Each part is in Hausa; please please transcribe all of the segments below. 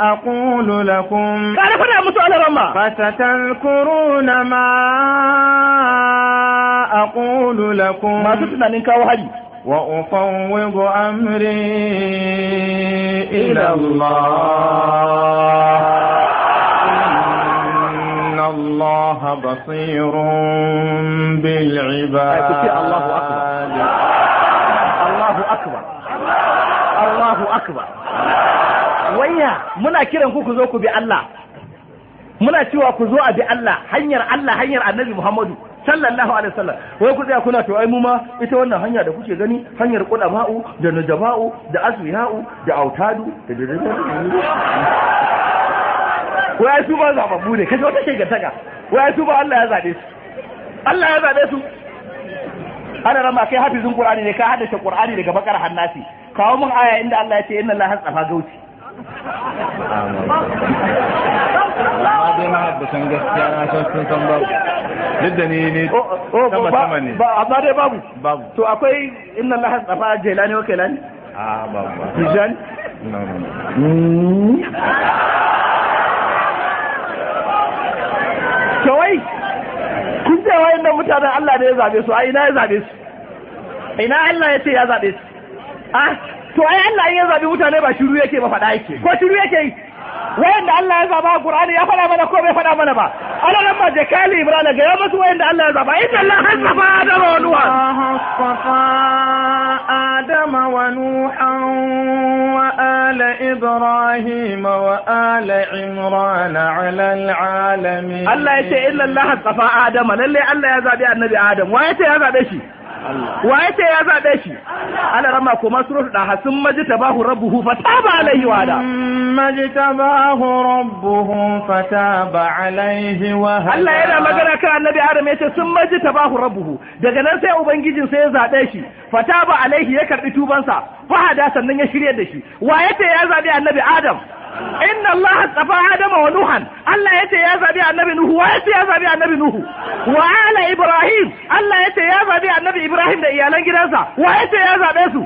أقول لكم فستذكرون ما أقول لكم وأفوض أمري إلى الله إن الله بصير بالعباد آية الله أكبر الله أكبر الله أكبر waya muna kiran ku ku zo ku bi Allah muna cewa ku zo a bi Allah hanyar Allah hanyar Annabi Muhammadu sallallahu alaihi wasallam wai ku tsaya kuna to ai mu ma ita wannan hanya da kuke gani hanyar qudama'u da najaba'u da aswiha'u da autadu da wai su ba zababbu ne kaje wata shega taka wai su ba Allah ya zabe su Allah ya zabe su ana rama kai hafizin Qur'ani ne ka hada shi Qur'ani daga bakar hannasi kawo mun aya inda Allah ya ce inna Allah hasafa gauti amma dai mahaddatan gaskiya na san sun san babu duk da ni oh, oh, ne sama sama ne amma dai babu babu to akwai inna laha tsafa jailani wa kailani a ah, babu ba. tijani no no hmm? to wai kun ce wayan da mutanen Allah ne ya zabe su a ina ya zabe su ina Allah ya ce ya zabe su ah to ai Allah ya zabi mutane ba shiru yake ba faɗa yake ko shiru yake yi wayanda Allah ya zaba Qur'ani ya fada mana ko bai fada mana ba Allah nan ba je kali Ibrahim ga ya musu wayanda Allah ya zaba inna Allah hasafa adama wa nuha hasafa adama wa nuhan wa ala ibrahim wa ala imran ala alamin Allah yace inna Allah hasafa adama lalle Allah ya zabi annabi Adam wa yace ya zabe shi wa ya ya zaɓe shi ana rama kuma surutu da hasin maji ta bahu rabbuhu fa taba alaihi wa da maji ta bahu rabbuhu fa taba alaihi wa Allah yana magana kan annabi Adam ya ce sun maji ta bahu rabbuhu daga nan sai ubangijin sai ya zaɓe shi fa taba alaihi ya karɓi tubansa fa hada sannan ya shirya da shi wa ya ya zaɓe annabi Adam inna Allah tsafa adama wa nuhan allah yace ya zabi annabi nuhu wa yace ya zabi annabi nuhu wa ala ibrahim allah yace ya zabi annabi ibrahim da iyalan gidansa wa yace ya zabe su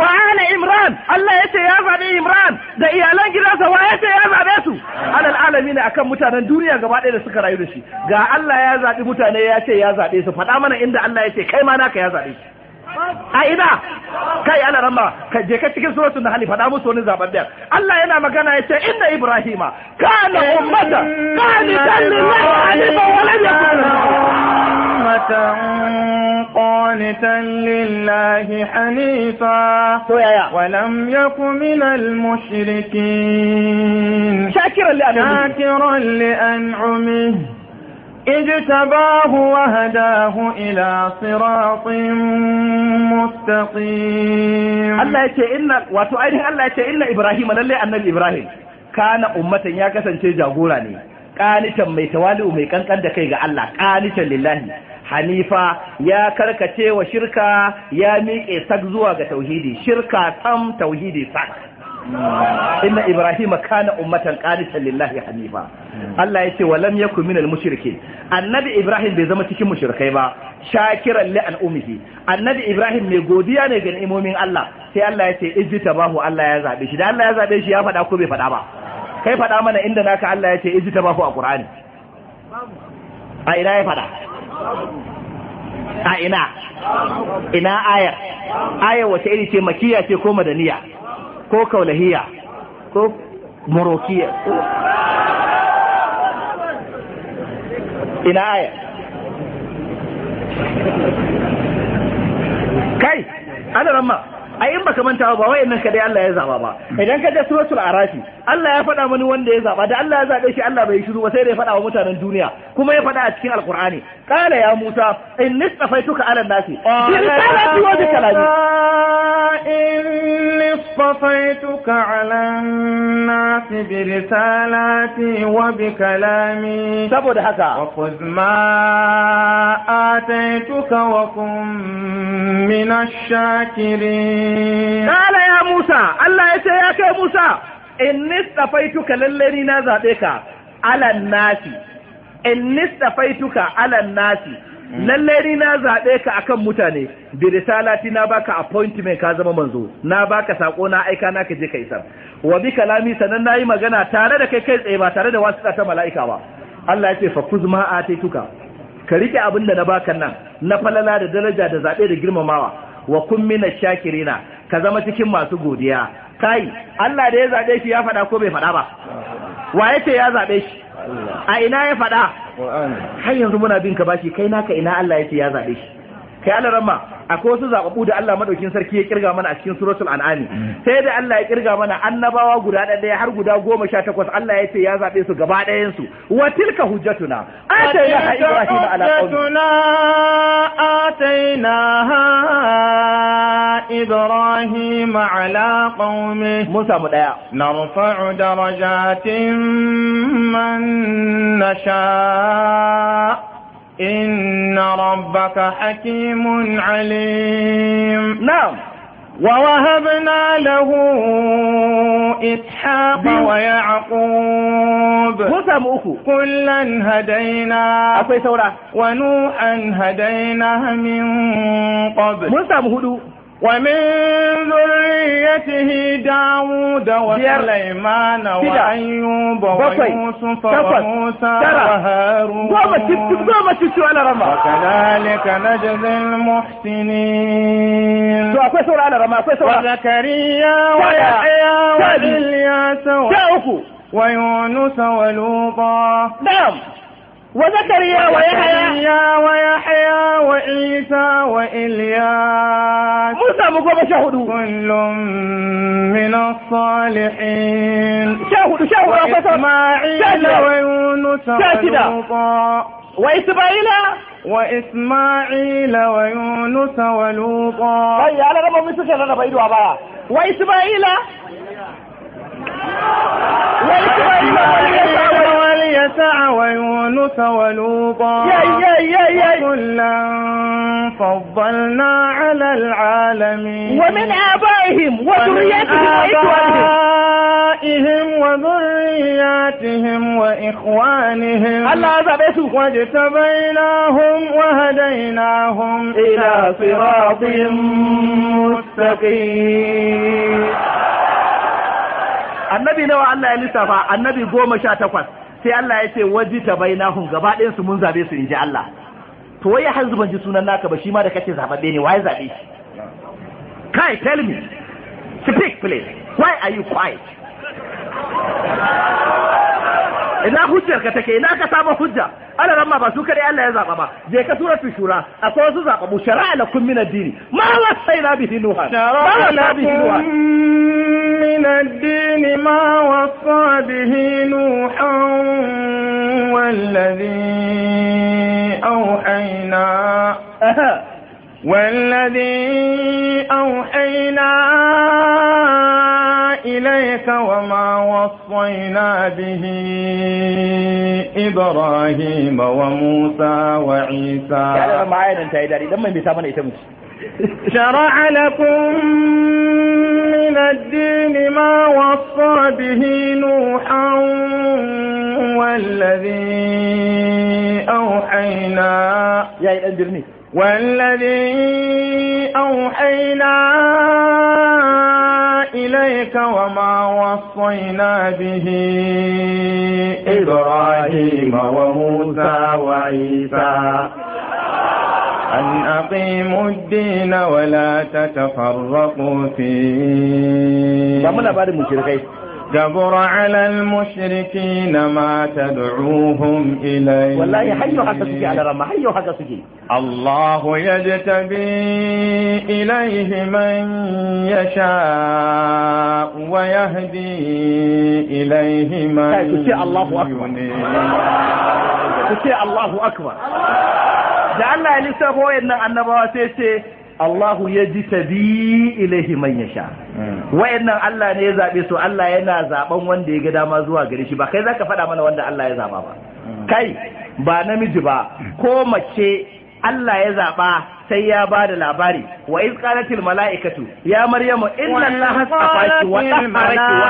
wa ala imran allah yace ya zabi imran da iyalan gidansa wa yace ya zabe su alal alamin akan mutanen duniya gaba ɗaya da suka rayu da shi ga allah ya zabi mutane ya ce ya zabe su faɗa mana inda allah yace kai ma naka ya zabe shi a'ida kai ana ramma kai je ka cikin suratul nahl faɗa musu wani da Allah yana magana yace inna ibrahima kana ummata qanitan lillahi hanifa wa lam yakun قانتا لله حنيفا ولم يك من المشركين شاكرا لأنعمه اجتباه وهداه إلى صراط مستقيم الله يتي إن واتو أيضا الله يتي إن إبراهيم للي أن إبراهيم كان أمة ياكسا تيجا غوراني قانتا ميتوالي وميكان كان دكيغا الله قانتا لله hanifa ya karkace wa shirka ya miƙe sak zuwa ga tauhidi shirka tam tauhidi sak inna ibrahima kana ummatan qanitan lillahi hanifa Allah yace wa lam yakun minal mushrikeen annabi ibrahim bai zama cikin mushrikai ba shakiran li an ummihi annabi ibrahim mai godiya ne ga imomin Allah sai Allah yace ijtabahu Allah ya zabe shi da Allah ya zabe shi ya faɗa ko bai faɗa ba kai faɗa mana inda naka Allah yace ijtabahu a Qur'ani a ina ya faɗa a ina ina ayar ayar wace iri ce makiyya ce ko madaniya ko kaulahiya ko morokiya ko ina aya kai ana ramma ai in baka manta ba wayannan ka dai Allah ya zaba ba idan ka je suratul arafi Allah ya faɗa mani wanda ya zaba da Allah ya zabe shi Allah bai shiru ba sai dai ya faɗa wa mutanen duniya kuma ya faɗa a cikin alqur'ani qala ya musa in safaituka ala nasi bi risalati wa bi kalami ala nasi bi risalati wa bi kalami saboda haka wa khudh ma ataituka wa kun min ash-shakirin Kala ya Musa, Allah ya ce ya kai Musa, in nistafaituka lalle ni na zaɓe ka alan nasi, in nistafaituka alan nasi, hmm. lalle ni na zaɓe ka akan mutane, bi risalati na baka appointment ka zama manzo, na baka sako na aika na ka je ka isar. Wa bi kalami sanan yi magana tare da kai kai tsaye ba tare da wasu ta mala'ika ba. Allah ya ce fa kuzma a ka riƙe abin da na baka nan na falala da daraja da zaɓe da girmamawa wa kun mina shakirina ka zama cikin masu godiya kai Allah da ya zaɓe shi ya faɗa ko bai faɗa ba wa yace ce ya zaɓe shi a ina ya faɗa har yanzu muna bin ka bashi kai naka ina Allah yace ya zaɓe shi kai alarama akwai wasu zababu da Allah madaukin sarki ya kirga mana a cikin suratul al'adu. sai da Allah ya kirga mana annabawa guda ɗaya har guda goma sha takwas Allah ya ce ya zaɓe su gaba ɗayan su wa tilka hujjatuna atayna ibrahim ala qawmi atayna ibrahim ala qawmi mun samu ɗaya narfa'u darajatin man nasha إن ربك حكيم عليم نعم ووهبنا له إسحاق ويعقوب كلا هدينا ونوحا هدينا من قبل ومن ذريته داود وسليمان وأيوب ويوسف وموسى وهارون وكذلك نجزي المحسنين وزكريا ويحيى وإلياس ويونس ولوطا نعم وزكريا ويحيى ويحيى وعيسى وإلياس موسى مقوم شهدوا كل من الصالحين شهدوا شهدوا وإسماعيل ويونس ولوطا وإسماعيل وإسماعيل ويونس ولوطا طيب على ربهم يسوش أنا بإيدوا وإسماعيل ويسع ويونس ولوطا كلا فضلنا على العالمين ومن آبائهم وذرياتهم وإخوانهم وذرياتهم وإخوانهم الله واجتبيناهم وهديناهم إلى صراط مستقيم annabi nawa Allah ya lissafa annabi goma sha takwas sai Allah ya ce waji ta hun gaba ɗayan su mun zabe su inji Allah to wai har ban ji sunan naka ba shi ma da kake zababbe ne wai zabe shi kai tell me speak please why are you quiet ina hujjar ka take ina ka samu hujja ana ran ma ba su kare Allah ya zaba ba je ka sura fi shura akwai su zaba mu shara'a lakum min ad-din ma sayna bihi nuha ma wasaina bihi nuha min ad-din ma wasa bihi nuha wal ladhi awhayna والذي أوحينا إليك وما وصينا به إبراهيم وموسى وعيسى شرع لكم من الدين ما وصى به نوحا والذي أوحينا يا والذي أوحينا إليك وما وصينا به إبراهيم وموسى وعيسى أن أقيموا الدين ولا تتفرقوا فيه كبر على المشركين ما تدعوهم إليه والله حيو حكا سجي على رمى حيو حكا سجي الله يجتبي إليه من يشاء ويهدي إليه من يشاء الله أكبر تشاء الله أكبر da Allah ya lissafo wayannan annabawa sai ce Allahu ya ji tabi ilaihi man hmm. wayannan Allah ne ya zaɓe su Allah yana zaben wanda ya ga dama zuwa gare shi ba kai zaka faɗa mana wanda Allah ya zaba ba hmm. kai ba namiji ba ko mace Allah ya zaɓa sai ya ba da labari wa iz qalatil mala'ikatu ya maryamu inna allaha astafaki wa tahharaki wa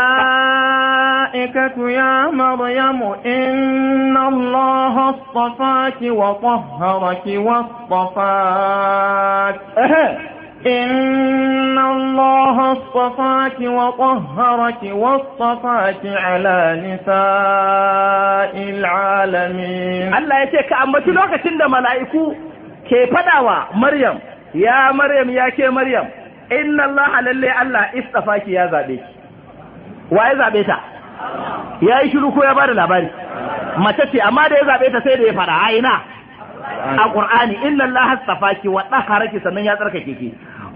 ya maryamu inna مريم إن wa اصطفاك wa واصطفاك إن الله اصطفاك وطهرك واصطفاك على نساء العالمين الله يتيك أما تلوك تند ملائكو ke faɗawa Maryam ya Maryam ya ke Maryam inna Allah lalle Allah istafa ki ya zabe ki wa zabe ta ya yi shiru ko ya bada labari mace ce amma da ya zabe ta sai da ya fara aina ina a Qur'ani inna Allah istafa ki wa dahara ki sannan ya tsarkake ki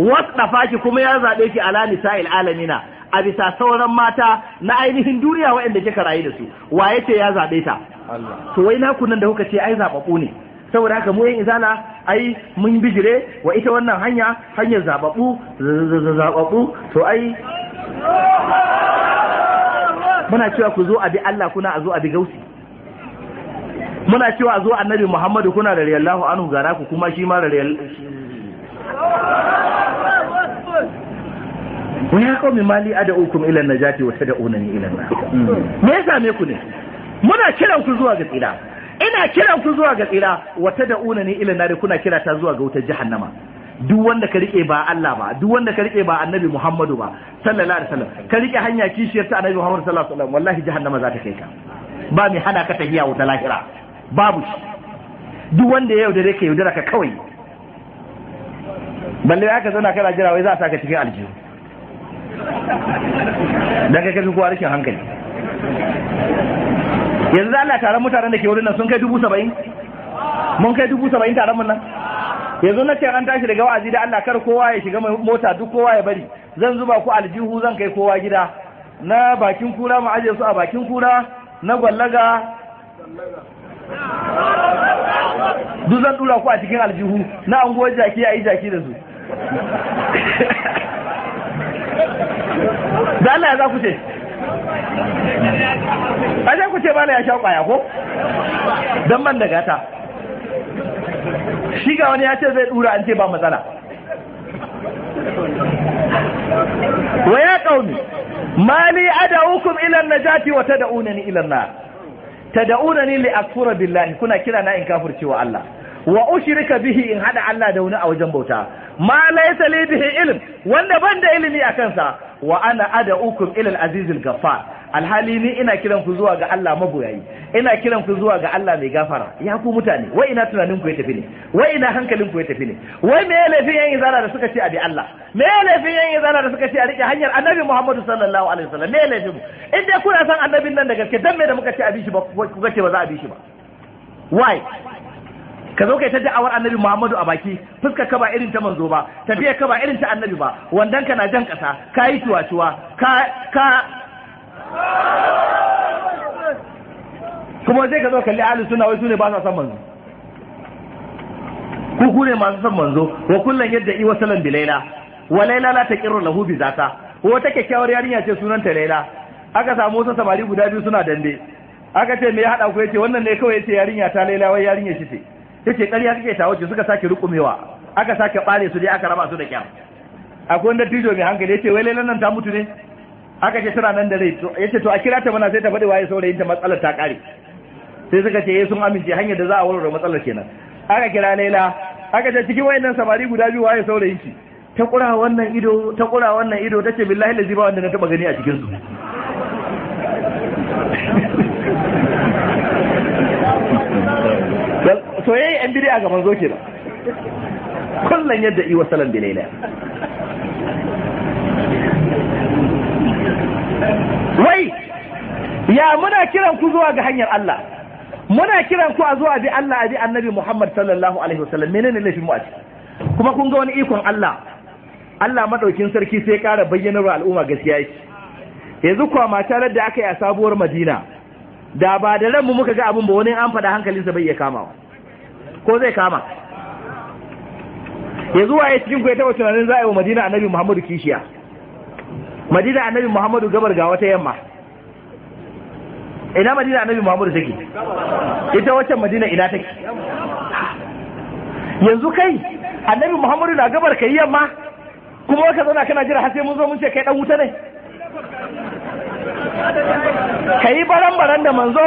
wastafa ki kuma ya zabe ki ala nisa'il alamina a bisa sauran mata na ainihin duniya waɗanda kika rayu da su wa ce ya zabe ta to wai na nan da kuka ce ai zababu ne saboda haka mu yin izala ai mun bijire wa ita wannan hanya hanyar zababbu zababbu to ai muna cewa ku zo a bi Allah kuna a zo a bi gausi muna cewa a zo annabi Muhammadu kuna da riyallahu anhu gara ku kuma shi ma da riyal wa ya qaumi mali ad'ukum ila an-najati wa tad'unani ila an-nar mm. me yasa me ku ne muna kiran ku zuwa ga tsira ina kira ku zuwa ga tsira wata da'una ne ilin nare kuna kira ta zuwa ga wutar jahannama duk wanda ka rike ba Allah ba duk wanda ka rike ba Annabi Muhammadu ba sallallahu alaihi wasallam ka rike hanya kishiyar ta Annabi Muhammadu sallallahu alaihi wasallam wallahi jahannama za ta kai ka ba mai hana ka tafiya wuta lahira babu shi duk wanda ya yaudare ka yaudara ka kawai balle aka zauna kana jira wai za a saka cikin aljihu dan kai kafin kowa rashin hankali yanzu za na taron mutanen da ke wurin nan sun kai dubu saba'in mun kai dubu saba'in taron mun nan yanzu na ce an tashi daga wa'azi da Allah kar kowa ya shiga mota duk kowa ya bari zan zuba ku aljihu zan kai kowa gida na bakin kura mu aje su a bakin kura na gwallaga duk zan dura ku a cikin aljihu na anguwar jaki a yi jaki da su da Allah ya za ku ce a sai ku ce bala ya sha kwaya ko don ban da gata shi ga wani ya ce zai dura an ce ba matsala wa ya kauni mali ad'ukum hukum ilan najati wa tad'unani ila nar tad'unani li akfura billahi kuna kira na in wa Allah wa ushrika bihi in hada Allah da wani a wajen bauta ma laysa li bihi ilm wanda ban da ilimi a kansa wa ana ad'ukum ila al-aziz al-ghaffar alhali ni ina kiran ku zuwa ga Allah maboyayi ina kiran ku zuwa ga Allah mai gafara ya ku mutane wai ina tunanin ku ya tafi ne wai ina hankalin ku ya tafi ne wai me ya laifin yan izara da suka ce a bi Allah me ya laifin yan izara da suka ce a rike hanyar annabi Muhammadu sallallahu alaihi wasallam me ya laifin mu in dai kuna san annabin nan da gaske dan me da muka ce a bi shi ba kuka ce ba za a bi shi ba why ka zo kai ta da'awar annabi Muhammadu a baki fuska ka ba irin ta manzo ba tafiya ka ba irin ta annabi ba wandan ka na jan kasa ka yi tuwa-tuwa ka ka kuma sai ka zo kalli ahli sunna wai sune ba sa san manzo ku ku ne masu san manzo wa kullun yadda i wasalan bilaila wa laila la taqirru lahu bi zata wata kyakkyawar yarinya ce sunanta laila aka samu wasu samari guda biyu suna dande aka ce me ya hada ku yace wannan ne kawai yace yarinya ta laila wai yarinya shi ce yace ƙarya kake ki suka sake rukumewa aka sake bare su dai aka raba su da kyam akwai wanda tijo mai hankali yace wai lailan nan ta mutu ne aka ce tana nan da rai yace to a kira ta mana sai ta faɗi waye saurayin ta matsalar ta kare sai suka ce eh, sun amince hanyar da za a warware matsalar kenan aka kira laila aka ce cikin wayannan samari guda biyu waye saurayin ki ta kura wannan ido ta kura wannan ido tace billahi lazi ba wanda na taba gani a cikin su soyayya yan bid'a ga manzo kenan kullun yadda iwa salam bilaila wai ya muna kiran ku zuwa ga hanyar Allah muna kiran ku a zuwa bi Allah bi annabi Muhammad sallallahu alaihi wasallam menene laifin mu a kuma kun ga wani ikon Allah Allah madaukin sarki sai ya kara bayyanar al'umma gaskiya yake yanzu kwa matarar da aka yi a sabuwar Madina da ba da ranmu muka ga abin ba wani an faɗa hankalinsa bai iya kama, ko zai kama ya zuwa ya cikin ku ya taɓa tunanin za a yi wa madina annabi muhammadu kishiya madina annabi muhammadu gabar ga wata yamma ina madina annabi muhammadu take ita waccan madina ina take yanzu kai annabi muhammadu na gabar kai yamma kuma waka zauna kana jira har sai mun zo mun ce kai dan wuta ne ka yi baran-baran da manzo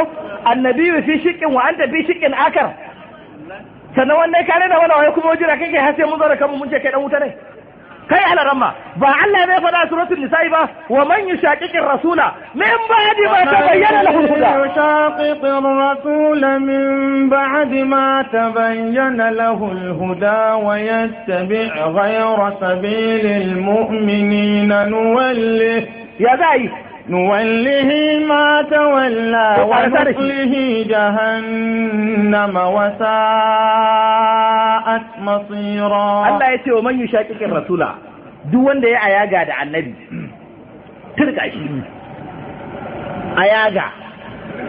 annabi fi shikin wa anta fi shikin akar sannan wannan kare da wani wai kuma jira kake har sai mun zo da kanmu mun ce kai dan wuta ne kai alaramma ba Allah bai faɗa suratul nisa'i ba wa man yushaqiqir rasula min ba'di ma tabayyana lahu al-huda wa yushaqiqir rasula min ba'di ma tabayyana lahu al-huda wa yattabi' ghayra sabilil mu'minina nuwalli ya zai نوله ما تولى ونصله جهنم وساءت مصيرا الله يتي ومن يشاكك الرسول duk wanda ya ayaga da annabi turka shi ayaga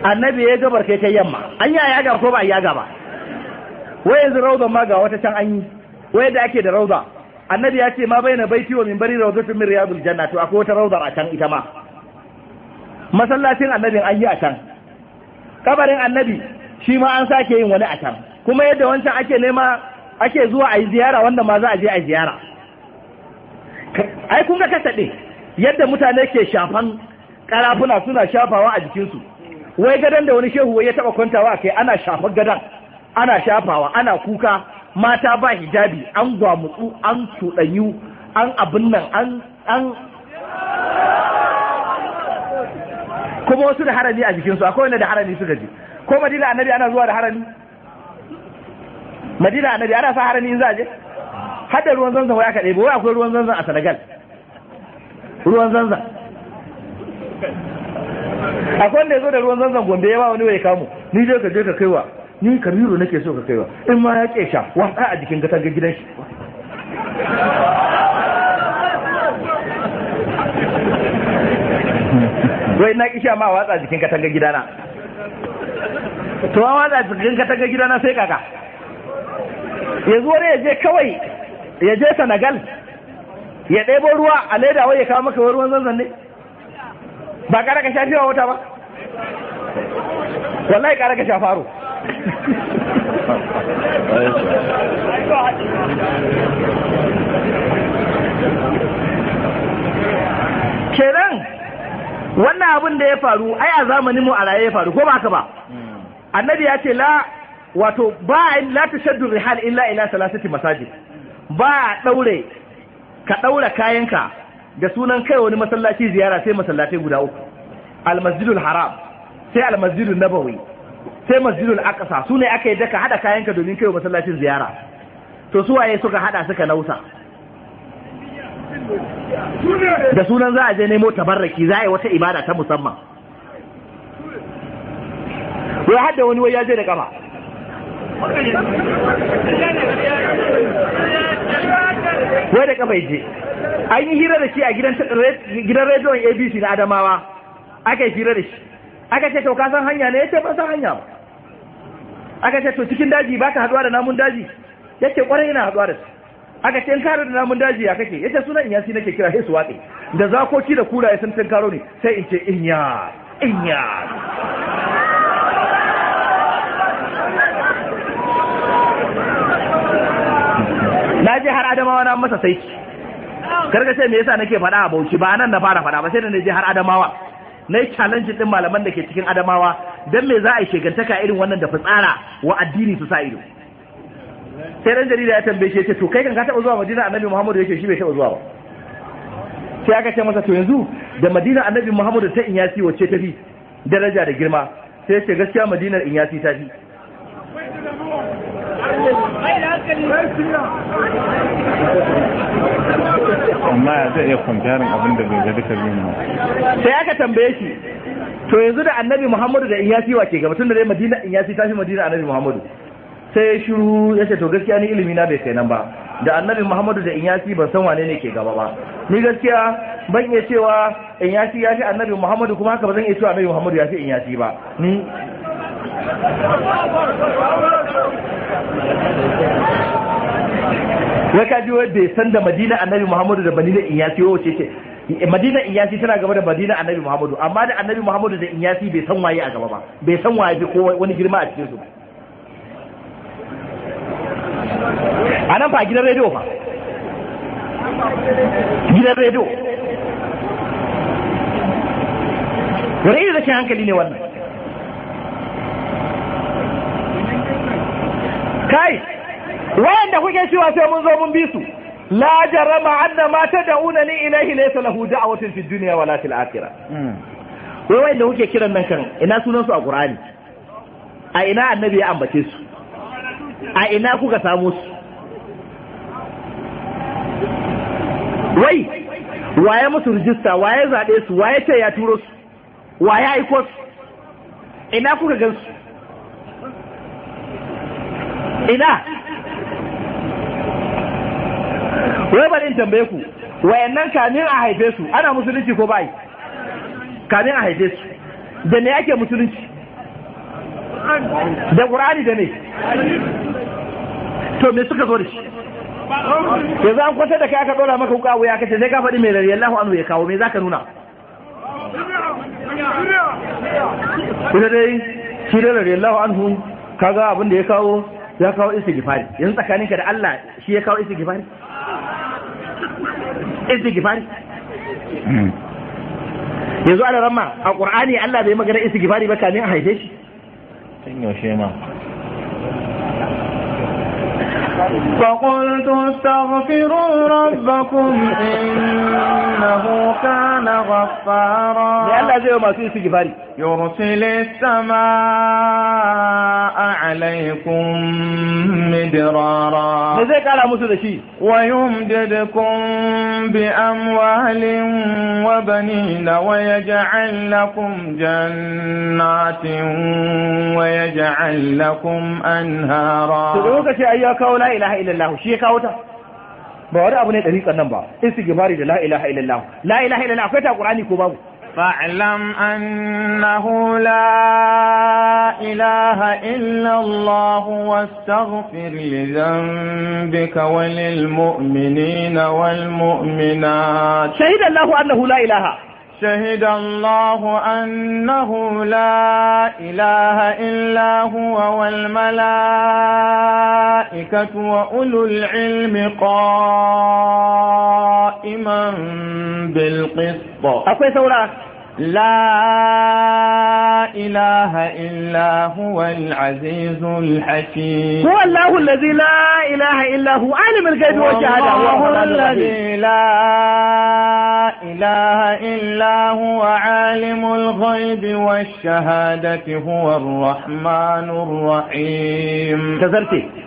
annabi ya gabar kai kai yamma an yi ayaga ko ba ayaga ba wai yanzu rauda ma ga wata can an yi wai ake da ra'uza. annabi ya ce ma bai na baiti wa min bari raudatun min riyadul janna to akwai wata ra'uza a can ita ma masallacin annabin an yi a can kabarin annabi shi ma an sake yin wani a can kuma yadda wancan ake nema ake zuwa a yi ziyara wanda ma za a je a ziyara ai kun ga kasaɗe yadda mutane ke shafan karafuna suna shafawa a jikinsu wai gadon da wani shehu ya taɓa kwantawa kai ana shafar gadon ana shafawa ana kuka mata ba hijabi an gwamutsu an cuɗanyu an abin nan an an kuma wasu da harami a jikinsu akwai wanda da harami suka ji ko madina annabi ana zuwa da harami madina annabi ana sa harami in za a je har da ruwan zanzan wai aka ɗebo wai akwai ruwan zanzan a senegal ruwan zanzan akwai wanda ya zo da ruwan zanzan gombe ya ba wani wai kamu ni je ka je ka kaiwa ni kabiru nake so ka kaiwa in ma ya ƙesha sha a jikin gatan gidan shi wai na kisha ma watsa jikin katanga gidana to ma watsa jikin katanga gidana sai kaka ya zo ne ya je kawai ya je Senegal ya ɗebo ruwa a leda wai ya kawo maka ruwan zanzan ne ba kara ka sha wa wata ba wallahi kara ka sha faro kenan wannan abin da ya faru ai a zamanin mu a raye ya faru ko ba ka ba hmm. annabi ya ce la wato ba la tashaddu rihal illa ila salasati masajid ba daure ka daura kayanka da sunan kai wani masallaci ziyara sai masallatai guda uku masjidul haram sai almasjidul nabawi sai masjidul aqsa sune aka yi daka hada kayanka domin kai masallacin ziyara to su waye suka hada suka nausa da sunan za a je nemo tabarraki za a yi wata ibada ta musamman ya hada wani wai ya je da kafa wai da kafa je an yi hira da shi a gidan rediyon abc na adamawa aka yi hira da shi aka ce to ka san hanya ne ya ce ban san hanya ba aka ce to cikin daji ba ka haduwa da namun daji ya ce kwarai yana haduwa da su aka ce da namun daji ya kake yace sunan inyasi nake kira sai su watsi da zakoki da kuraye sun tankaro ne sai in ce inya inya na je har adamawa na masa sai karga sai me yasa nake faɗa a bauchi ba nan na fara faɗa ba sai da na je har adamawa na yi challenge din malaman da ke cikin adamawa don me za a yi shegantaka irin wannan da fitsara wa addini su sa ido sai dan jarida ya tambaye shi ya ce to kai kan ka taba zuwa madina annabi muhammadu yake shi bai taba zuwa ba sai aka ce masa to yanzu da madina annabi muhammadu ta yasi wacce tafi daraja da girma sai ya ce gaskiya madinar in ta fi amma ya zai iya kwamfiyarin abin da bai ga duka biyun sai aka tambaye shi to yanzu da annabi muhammadu da inyasi wa ke gaba tun da dai madina inyasi ta fi madina annabi muhammadu sai ya shiru ya ce to gaskiya ni ilimi na bai kai nan ba da annabi muhammadu da inyasi ban san wane ne ke gaba ba ni gaskiya ban iya cewa inyasi ya fi annabi muhammadu kuma haka ba zan iya cewa annabi muhammadu ya fi inyasi ba ni Ya kaji wa bai san da madina annabi muhammadu da madina inyasi wace ce madina inyasi tana gaba da madina annabi muhammadu amma da annabi muhammadu da inyasi bai san waye a gaba ba bai san waye ko wani girma a cikin su ba a nan fa a gidan rediyo fa gidan rediyo wani irin rashin hankali ne wannan kai wayanda kuke cewa sai mun zo mun bi su la jarama anna ma tad'una ni ilayhi laysa lahu da'watun fi dunya wala fil akhirah hmm. wai wayanda kuke kiran nan kan ina sunan su a qur'ani a ina annabi ya ambace su a ina kuka samu su wai waye musu rijista waye zaɓe su waye ce ya turo su waye aiko su ina kuka gan su ina wai bari in tambaye ku wayannan kamin a haife su ana musulunci ko bai kamin a haife su da ne ake musulunci da ƙur'ani da ne to me suka zo da shi yanzu an kwantar da kai aka ɗora maka wuka wuya kace sai ka faɗi mai rariyar lahu anhu ya kawo me zaka nuna kuma dai shi da rariyar lahu anhu kaga abin da ya kawo ya kawo gifari, yanzu tsakaninka da Allah shi ya kawo istighfari gifari? Hmm. yanzu ana ramma a qur'ani Allah bai magana istighfari ba kamin a haife shi 真有些吗？فقلت استغفروا ربكم إنه كان غفارا يرسل السماء عليكم مدرارا ويمددكم بأموال وبنين ويجعل لكم جنات ويجعل لكم أنهارا ilaha illallah shi ya kawo ta ba wani abu ne dariƙan nan ba istighfari da la ilaha illallah la ilaha illallah akwai ta qur'ani ko babu فاعلم أنه لا إله إلا الله واستغفر لذنبك وللمؤمنين والمؤمنات شهد الله annahu la ilaha شهد الله أنه لا إله إلا هو والملائكة وأولو العلم قائما بالقسط أقول سورة لا إله إلا هو العزيز الحكيم هو الله الذي لا إله إلا هو عالم الغيب والشهادة هو الذي لا إله إلا هو عالم الغيب والشهادة هو الرحمن الرحيم كذلتي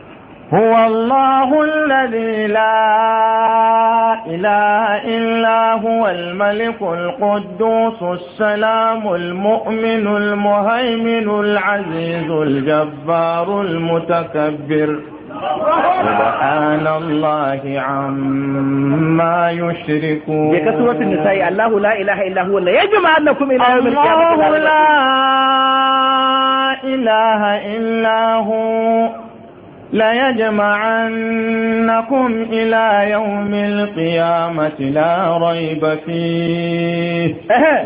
هو الله الذي لا إله إلا هو الملك القدوس السلام المؤمن المهيمن العزيز الجبار المتكبر سبحان الله عما يشركون يا سورة النساء الله لا إله إلا هو الذي يجمع أنكم إلى يوم القيامة الله لا إله إلا هو ليجمعنكم إلى يوم القيامة لا ريب فيه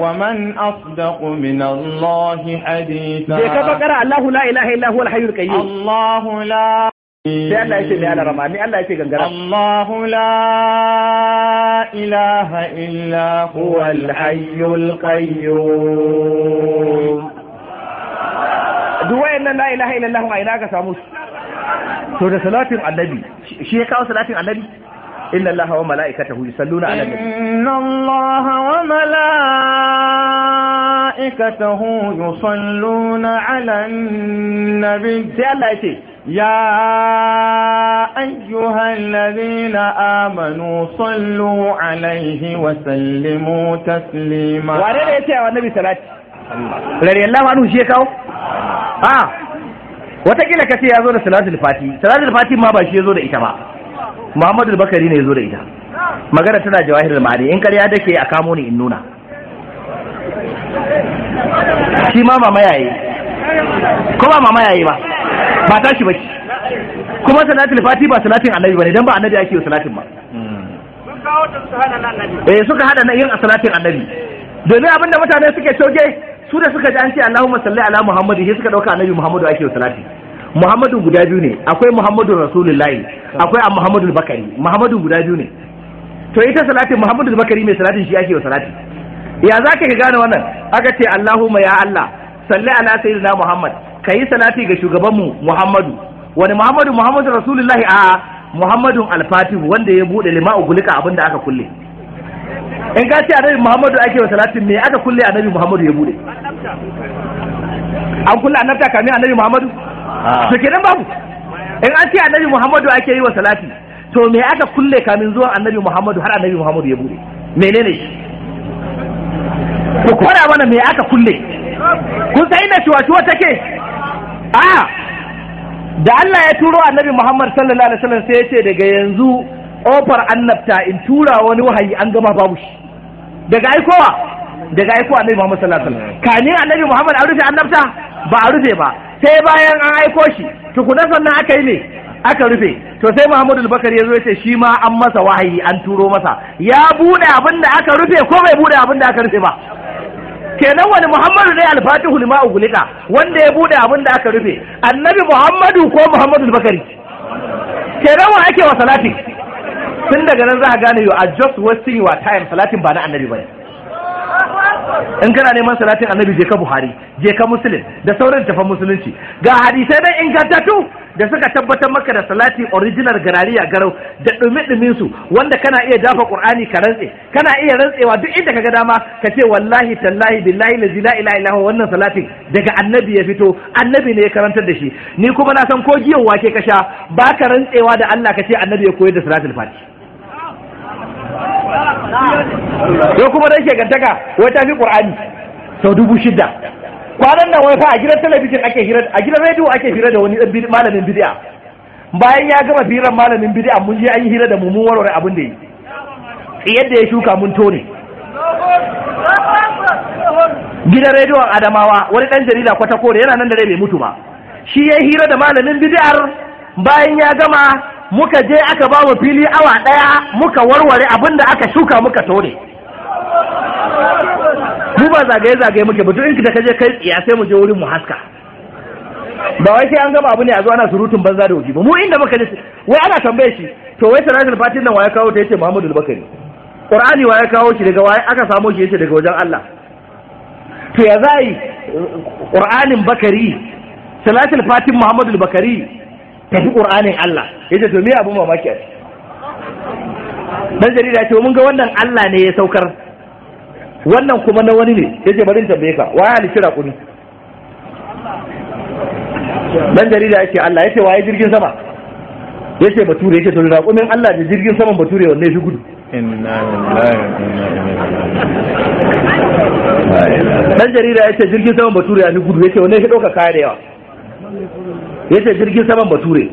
ومن أصدق من الله حديثا الله لا إله إلا هو الحي القيوم الله لا الله لا إله إلا هو الحي القيوم دوين لا إله إلا الله وإله ساموس to da salatin annabi shi ya kawo salatin annabi inna allaha wa mala'ikatahu yusalluna ala nabi inna allaha wa mala'ikatahu yusalluna ala nabi sai Allah yace ya ayyuhal ladina amanu sallu alaihi wa sallimu taslima wa da yace wa nabi salati radiyallahu anhu shi ya kawo ah watakila kace ya zo da salatul fati salatul fati ma ba shi ya zo da ita ba muhammadu bakari ne ya zo da ita magana tana jawahirul ma'ani in karya dake a kamo ni in nuna shi ma mama yayi ko ba mama yayi ba ba tashi ba kuma salatul fati ba salatin annabi bane dan ba annabi yake yi salatin ba eh suka hada na yin salatin annabi domin abinda mutane suke coge su da suka ji an ce Allahumma salli ala Muhammadu sai suka dauka Annabi Muhammadu ake wa salati Muhammadu guda biyu ne akwai Muhammadu Rasulullahi akwai a Muhammadu Bakari Muhammadu guda biyu ne to ita salatin Muhammadu Bakari mai salatin shi ake wa salati ya zaka ka gane wannan aka ce Allahumma ya Allah salli ala sayyidina Muhammad kayi salati ga shugabanmu Muhammadu wani Muhammadu Muhammadu Rasulullahi a Muhammadu Al-Fatihu wanda ya bude lima'u gulika abinda aka kulle in ka ce annabi muhammadu ake wa salatin me aka kulle annabi muhammadu ya bude an kulle annabta kamin annabi muhammadu ah. to kenan babu in an ce annabi muhammadu ake yi wa salati to me aka kulle kamin zuwan annabi muhammadu har annabi muhammadu ya bude menene shi ku kora mana me aka kulle kun san inda wata ke? a ah! da Allah ya turo annabi Muhammad sallallahu alaihi wasallam sai ya ce daga yanzu ofar annabta in tura wani wahayi an gama babu shi daga aikowa daga aikowa annabi Muhammad sallallahu alaihi wasallam kani annabi Muhammad a rufe annabta ba a rufe ba sai bayan an aiko shi tukuna sannan aka yi ne aka rufe to sai Muhammadu Bakar ya zo ya ce shi ma an masa wahayi an turo masa ya bude abin da aka rufe ko bai bude abin da aka rufe ba kenan wani Muhammadu ne alfatihul ma ugulika wanda ya bude abin da aka rufe annabi Muhammadu ko Muhammadu Bakari kenan wa ake wa salati tun daga nan za a gane yau Jos just wasting your time salatin ba na annabi ba in kana neman salatin annabi je ka buhari je ka Musulun da sauran tafan musulunci ga hadisai dan ingantattu da suka tabbatar maka da salati original garariya garau da dumi ɗumin su wanda kana iya dafa qur'ani ka rantse kana iya rantsewa duk inda ka ga dama ka ce wallahi tallahi billahi la ilaha illa wannan salatin daga annabi ya fito annabi ne ya karantar da shi ni kuma na san ko giyan wake ka sha ba ka rantsewa da Allah ka ce annabi ya koyar da salatul fati ko kuma dan gantaka wai tafi fi qur'ani sau dubu shida kwanan nan wai fa a gidan talabijin ake hira a gidan rediyo ake hira da wani malamin bid'a bayan ya gama firan malamin bid'a mun je an yi hira da mu warware abin da yi yadda ya shuka mun tone gidan rediyon adamawa wani dan jarida kwata kore yana nan da rai bai mutu ba shi ya hira da malamin bid'ar bayan ya gama muka je aka ba mu fili awa ɗaya muka warware abin da aka shuka muka tore mu ba zagaye-zagaye muke ba in ka kaje kai tsiya sai mu je wurin mu haska ba wai sai an gama abu ne a zo ana surutun banza da waje ba mu inda muka je wai ana tambaye shi to wai salatul fatin nan waye kawo ta yace Muhammadu al-Bakari Qur'ani waye kawo shi daga waye aka samo shi yace daga wajen Allah to ya zai Qur'anin Bakari salatul fatin Muhammadu al-Bakari tafi ƙur'anin Allah ya ce to me abin mamaki a ciki dan jarida ce mun ga wannan Allah ne ya saukar wannan kuma na wani ne ya ce bari tambaye ka wa ya halitta raƙumi dan jarida ya ce Allah ya ce wa ya jirgin sama ya ce bature ya ce to raƙumin Allah da jirgin saman bature wanne ya fi gudu dan jarida ya ce jirgin saman bature ya fi gudu ya ce wanne ya fi ɗauka kaya da yawa ya ce jirgin saman bature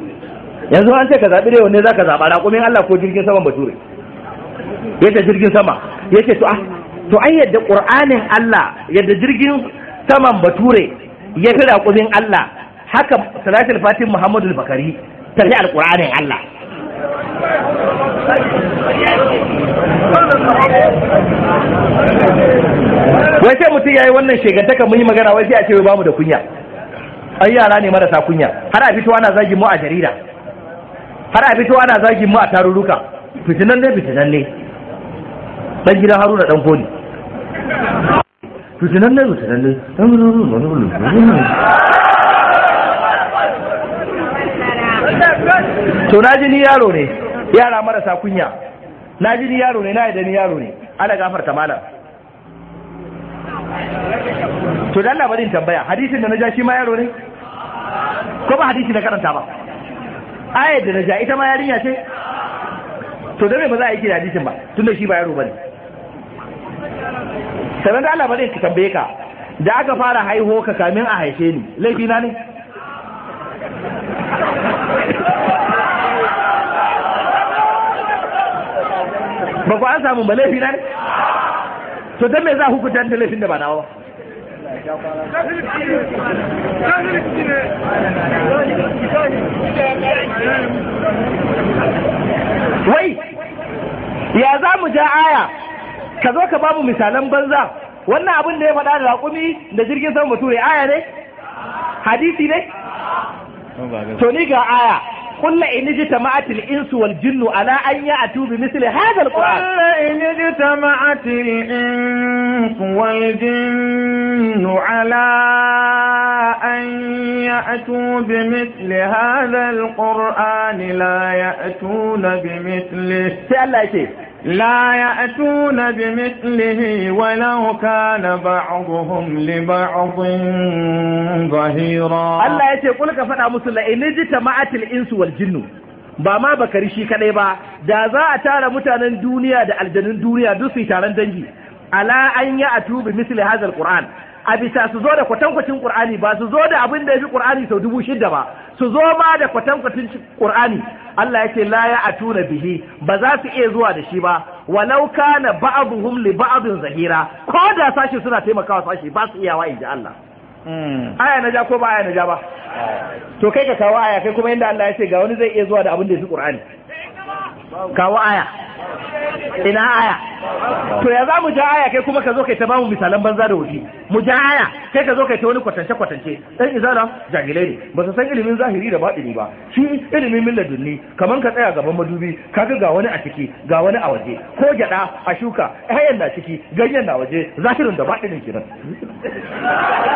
yanzu an ce ka zaɓi da ne za ka zaɓa raƙumin Allah ko jirgin saman bature ya ce jirgin sama ya ce ah, to an yadda ƙur'anin Allah yadda jirgin saman bature ya fi raƙumin Allah haka salatul fatin muhammadu bakari ta fi alƙur'anin Allah wai sai mutum ya yi wannan shegantaka mun yi magana wai sai a ce wai bamu da kunya ai yara ne marasa kunya har a fito ana zagin mu a jarida har a fito ana zagin mu a tarurruka fitinan ne fitinan ne dan gidan haruna dan koli fitinan ne fitinan ne to na ji ni yaro ne yara marasa kunya na ji ni yaro ne na yadda ni yaro ne ana gafarta malam to da Allah barin tambaya hadisin da na ja shi ma yaro ne ko ba hadisi na karanta ba ayat da na ja ita ma yarinya ce to da me ba za a yi kira hadisin ba tunda shi ba yaro bane sanan da Allah barin ki tambaye ka da aka fara haihu ka kamin a haife ni laifi na ne ba ku an samu ba laifi na ne to dan me za hukunta da laifin da ba nawa ba wai ya za mu ja aya ka zo ka babu misalan banza wannan abin da ya faɗa da raƙumi da jirgin sama bature aya ne hadisi ne to ni ga aya قل إن اجتمعت الإنس والجن على أن يأتوا بمثل هذا القرآن قل إن اجتمعت الإنس والجن على أن يأتوا بمثل هذا القرآن لا يأتون بمثله لا يأتون بمثله ولو كان بعضهم لبعض ظهيرا الله يتي قل كفنا مسلا إن اجتمعت الإنس والجن ba ma bakari shi kadai ba da za a tara mutanen duniya da aljanun duniya duk su taron dangi ala an a tubi misli hazal qur'an a bisa su zo da kwatankwacin Qur'ani ba su zo da abin da ya fi Qur'ani sau dubu shida ba su zo ma da kwatankwacin Qur'ani Allah yake la ya atuna bihi ba za su iya zuwa da shi ba walau kana ba'dhum li ba'dhin zahira ko da sashi suna taimakawa sashi ba su iyawa inji Allah hmm. aya na ja ko ba aya na ja ba to kai ka kawo aya kai kuma inda Allah ya ce ga wani zai iya zuwa da abin da ya fi Qur'ani kawo aya ina aya to ya za mu ja aya kai kuma ka zo kai ta bamu misalan banza da wuce mu ja aya kai ka zo kai ta wani kwatance kwatance dan izala jahilai ne ba su san ilimin zahiri da batini ba shi ilimin milladunni kaman ka tsaya gaban madubi kaga ga wani a ciki ga wani a waje ko gyada a shuka hayan na ciki ganyen na waje zahirin da batinin kiran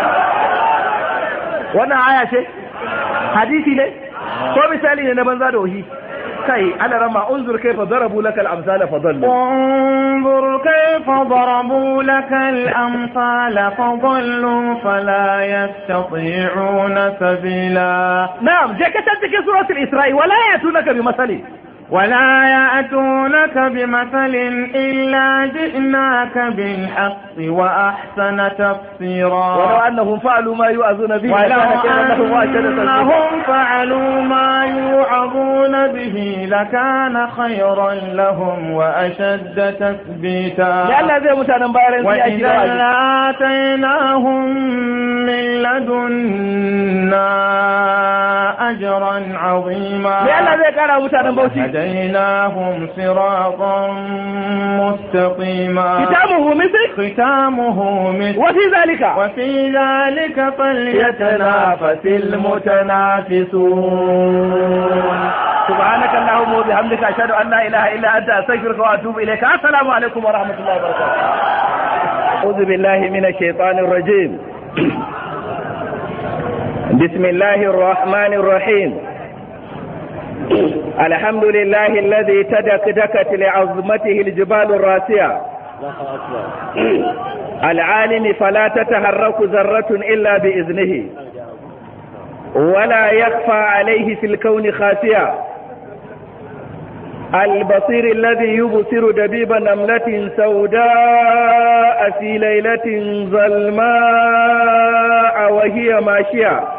wannan aya ce hadisi ne ko misali ne na banza da wahi kai ana rama unzur kaifa darabu lakal amsala fadallu unzur kaifa darabu lakal amsala fadallu fala yastati'una sabila na'am je ka tantake suratul isra'i wala yatunaka bi masali ولا يأتونك بمثل إلا جئناك بالحق وأحسن تفسيرا ولو أنهم فعلوا ما يؤذون به ولو أنهم فعلوا ما يوعظون به لكان خيرا لهم وأشد تثبيتا وإذا لآتيناهم من لدنا أجرا عظيما وهديناهم صراطا مستقيما ختامه مثل ختامه مثل وفي ذلك وفي ذلك فليتنافس المتنافسون سبحانك اللهم وبحمدك أشهد أن لا إله إلا أنت أستغفرك وأتوب إليك السلام عليكم ورحمة الله وبركاته أعوذ بالله من الشيطان الرجيم بسم الله الرحمن الرحيم الحمد لله الذي تدك دكت لعظمته الجبال الراسية العالم فلا تتحرك ذرة إلا بإذنه ولا يخفى عليه في الكون خاسية البصير الذي يبصر دبيب نملة سوداء في ليلة ظلماء وهي ماشية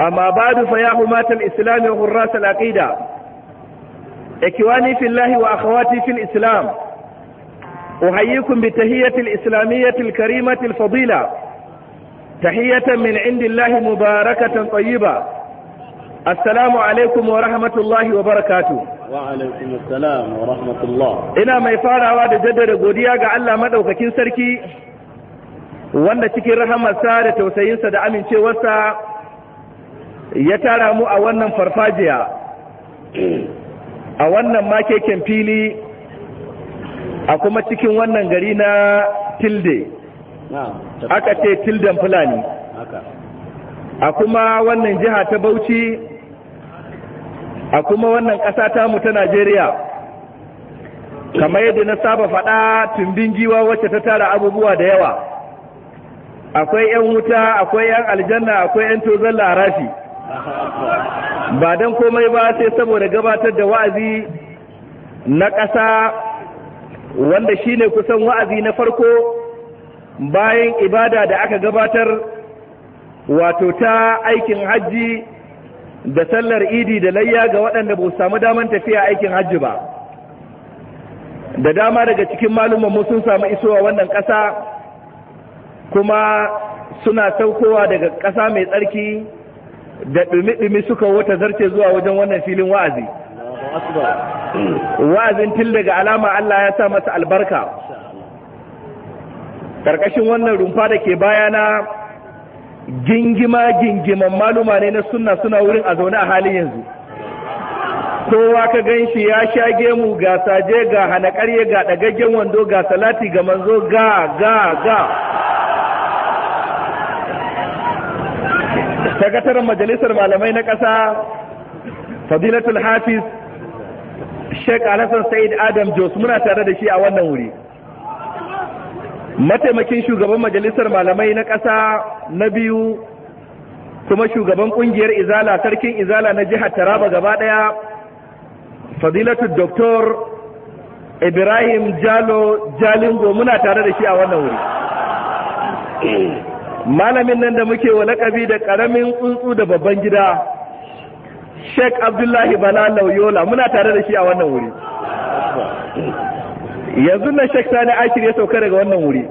أما بعد فيا حماة الإسلام وحراس العقيدة إخواني في الله وأخواتي في الإسلام أحييكم بتهية الإسلامية الكريمة الفضيلة تحية من عند الله مباركة طيبة السلام عليكم ورحمة الله وبركاته وعليكم السلام ورحمة الله إنا ما يفعل وعد جدد قوديا قال مدوك كين سركي wanda cikin rahamarsa da tausayinsa da amincewarsa ya tara mu a wannan farfajiya a wannan makeken fili a kuma cikin wannan gari na tilde aka ce tilden fulani a kuma wannan jiha ta bauchi a kuma wannan ƙasa tamu ta najeriya kamar yadda na saba faɗa tumbin giwa wacce ta tara abubuwa da yawa akwai 'yan wuta akwai 'yan aljanna akwai 'yan tozon larafi ba don komai ba sai saboda gabatar da wa'azi na ƙasa wanda shine kusan wa'azi na farko bayan ibada da aka gabatar wato ta aikin hajji da sallar idi da layya ga waɗanda ba su samu damar tafiya aikin hajji ba da dama daga cikin mu sun samu isowa wannan ƙasa kuma suna saukowa daga ƙasa mai tsarki da ɗumi-ɗumi suka wata zarce zuwa wajen wannan filin wa'azi wa'azin til daga alama Allah ya sa masa albarka ƙarƙashin wannan rumfa da ke bayana gingima gingiman maluma ne na sunna suna wurin a zaune a halin yanzu kowa ka gan shi ya sha gemu ga saje ga ƙarye ga ɗagaggen wando ga salati ga manzo ga ga ga sakataren majalisar malamai na ƙasa fadilatul hafiz sheik alasan sa'id adam jos muna tare da shi a wannan wuri mataimakin shugaban majalisar malamai na ƙasa na biyu kuma shugaban ƙungiyar izala sarkin izala na jihar taraba gaba ɗaya fadilatul doktor ibrahim jalo jalingo muna tare da shi a wannan wuri malamin nan da muke wa lakabi da karamin tsuntsu da babban gida Sheikh Abdullahi Bala Lauyola muna tare da shi a wannan wuri yanzu na Sheikh Sani Akir ya sauka daga wannan wuri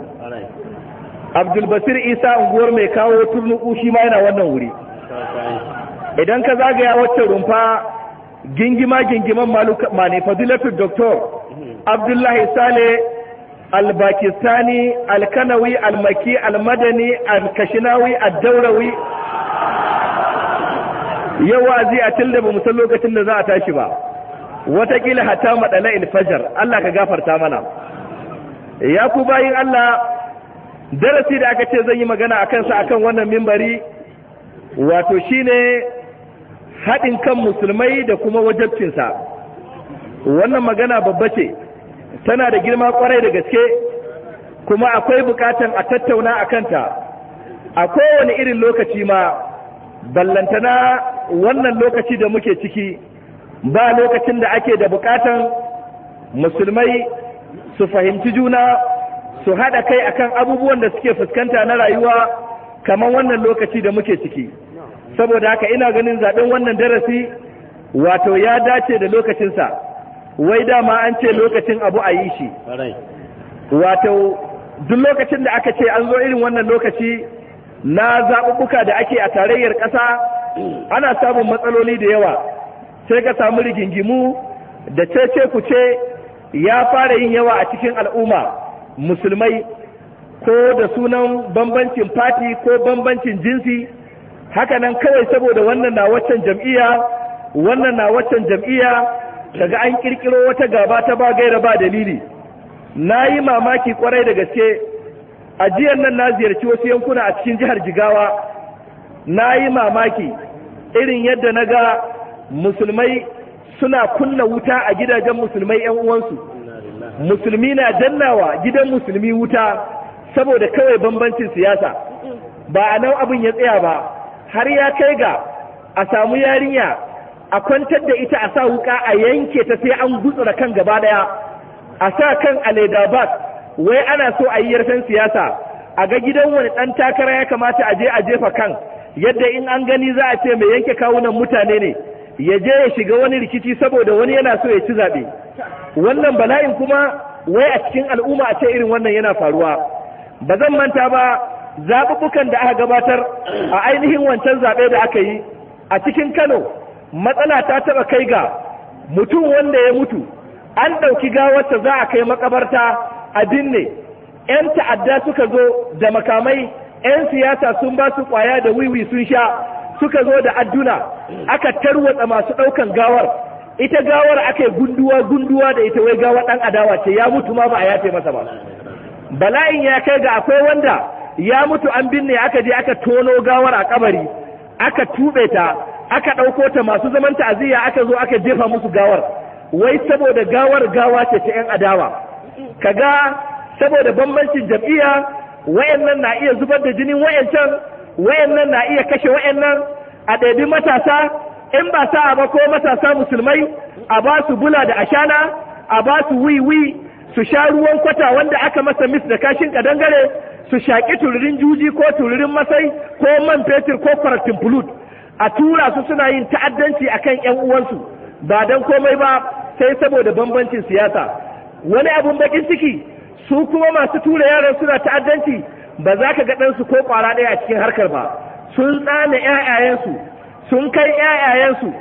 Abdul Basir Isa unguwar mai kawo turnuku shi ma yana wannan wuri idan ka zagaya wacce rumfa gingima gingiman ma ne fadilatul doktor Abdullahi Sale الباكستاني الكنوي المكي المدني الكشناوي الدوروي yau wa'azi a tun da bamu san lokacin da za a tashi ba Wataƙila hata in ilfajar Allah ka gafarta mana ya ku bayin Allah darasi da aka ce zan yi magana a kansa a kan wannan mimbari wato shine haɗin kan musulmai da kuma wajabcinsa wannan magana babba ce tana da girma kwarai da gaske kuma akwai bukatan a tattauna a kanta a kowane irin lokaci ma ballantana wannan lokaci da muke ciki ba lokacin da ake da bukatan musulmai su fahimci juna su haɗa kai akan abubuwan da suke fuskanta na rayuwa kamar wannan lokaci da muke ciki saboda haka ina ganin zaɓen wannan darasi wato ya dace da lokacinsa wai dama an ce lokacin abu a yi shi wato duk lokacin da aka ce an zo irin wannan lokaci na zaɓuɓɓuka da ake a tarayyar ƙasa ana samun matsaloli da yawa sai ka samu rigingimu da cece ku ce ya fara yin yawa a cikin al'umma musulmai ko da sunan bambancin fati ko bambancin jinsi hakanan kawai saboda wannan na waccan jam'iyya wannan na waccan jam'iyya kaga an kirkiro wata gaba ta ba gaira ba dalili na yi mamaki kwarai da gaske a nan na ziyarci wasu yankuna a cikin jihar jigawa na yi mamaki irin yadda na ga musulmai suna kunna wuta a gidajen musulmai 'yan uwansu musulmi na dannawa gidan musulmi wuta saboda kawai bambancin siyasa ba a nan abin ya tsaya ba har ya kai ga a samu yarinya a kwantar da ita a sa wuka a yanke ta sai an gutsura kan gaba daya a sa kan a wai ana so a yi yarfen siyasa a ga gidan wani dan takara ya kamata a je a jefa kan yadda in an gani za a ce mai yanke kawunan mutane ne ya je ya shiga wani rikici saboda wani yana so ya ci zaɓe wannan bala'in kuma wai a cikin al'umma a ce irin wannan yana faruwa ba zan manta ba zaɓuɓɓukan da aka gabatar a ainihin wancan zaɓe da aka yi a cikin kano matsala ta taba kai ga mutum wanda ya mutu an ɗauki gawarsa za a kai makabarta a binne 'yan ta'adda suka zo da makamai 'yan siyasa sun ba su kwaya da wiwi sun sha suka zo da adduna aka tarwatsa masu ɗaukan gawar ita gawar aka yi gunduwa gunduwa da ita wai gawar ɗan adawa ce ya mutu ma ba a yafe masa ba bala'in ya kai ga akwai wanda ya mutu an binne aka je aka tono gawar a kabari aka tuɓe ta aka ɗauko ta masu zaman ta'aziyya aka zo aka jefa musu gawar wai saboda gawar gawa ce ta 'yan adawa kaga saboda bambancin jam'iyya wayannan na iya zubar da jinin wayancan wayannan na iya kashe wayannan a ɗabi matasa in ba sa'a ba ko matasa musulmai a ba su bula da ashana a ba su wiwi su sha ruwan kwata wanda aka masa mis da kashin kadangare su shaƙi tururin juji ko tururin masai ko man fetur ko faratin flute a tura su suna yin ta'addanci akan yan uwansu ba don komai ba sai saboda bambancin siyasa wani abun bakin ciki su kuma masu tura yaran suna ta'addanci ba za ka ga ɗansu ko ƙwara ɗaya a cikin harkar ba sun tsana ƴaƴayensu sun kai ƴaƴayensu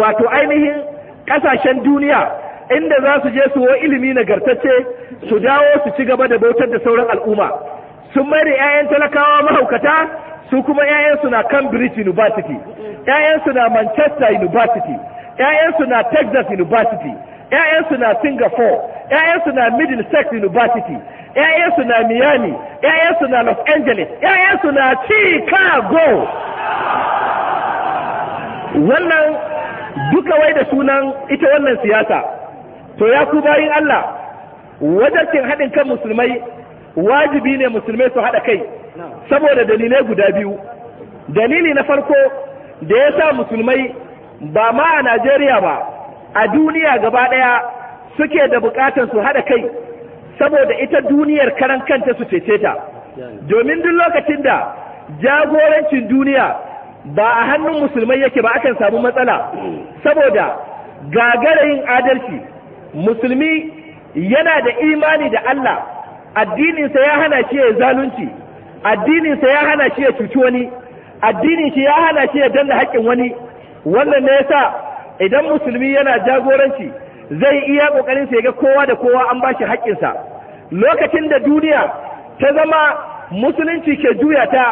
wato ainihin ƙasashen duniya inda za su je su wo ilimi nagartacce su dawo su ci gaba da bautar da sauran al'umma sun mai da 'ya'yan talakawa mahaukata su kuma 'ya'yansu na Cambridge University 'ya'yansu na Manchester University 'ya'yansu na Texas University 'ya'yansu na Singapore 'ya'yansu na Middlesex University 'ya'yansu na Miami 'ya'yansu na Los Angeles 'ya'yansu na Chicago wannan duka wai da sunan ita wannan siyasa to ya ku bayin Allah wajen haɗin kan musulmai wajibi ne musulmai su haɗa kai saboda dalilai guda biyu dalili na farko da ya sa musulmai ba ma a najeriya ba a duniya gaba ɗaya suke da bukatar su haɗa kai saboda ita duniyar karan kanta su cece ta domin duk lokacin da jagorancin duniya ba a hannun musulmai yake ba akan samu matsala saboda gagarayin adalci musulmi yana da imani da Allah addininsa ya hana shi ya zalunci addininsa ya hana shi ya cuci wani addinin shi ya hana shi ya danna haƙƙin wani wannan ne yasa idan musulmi yana jagoranci zai iya kokarin sa ya ga kowa da kowa an bashi haƙƙinsa lokacin da duniya ta zama musulunci ke juya ta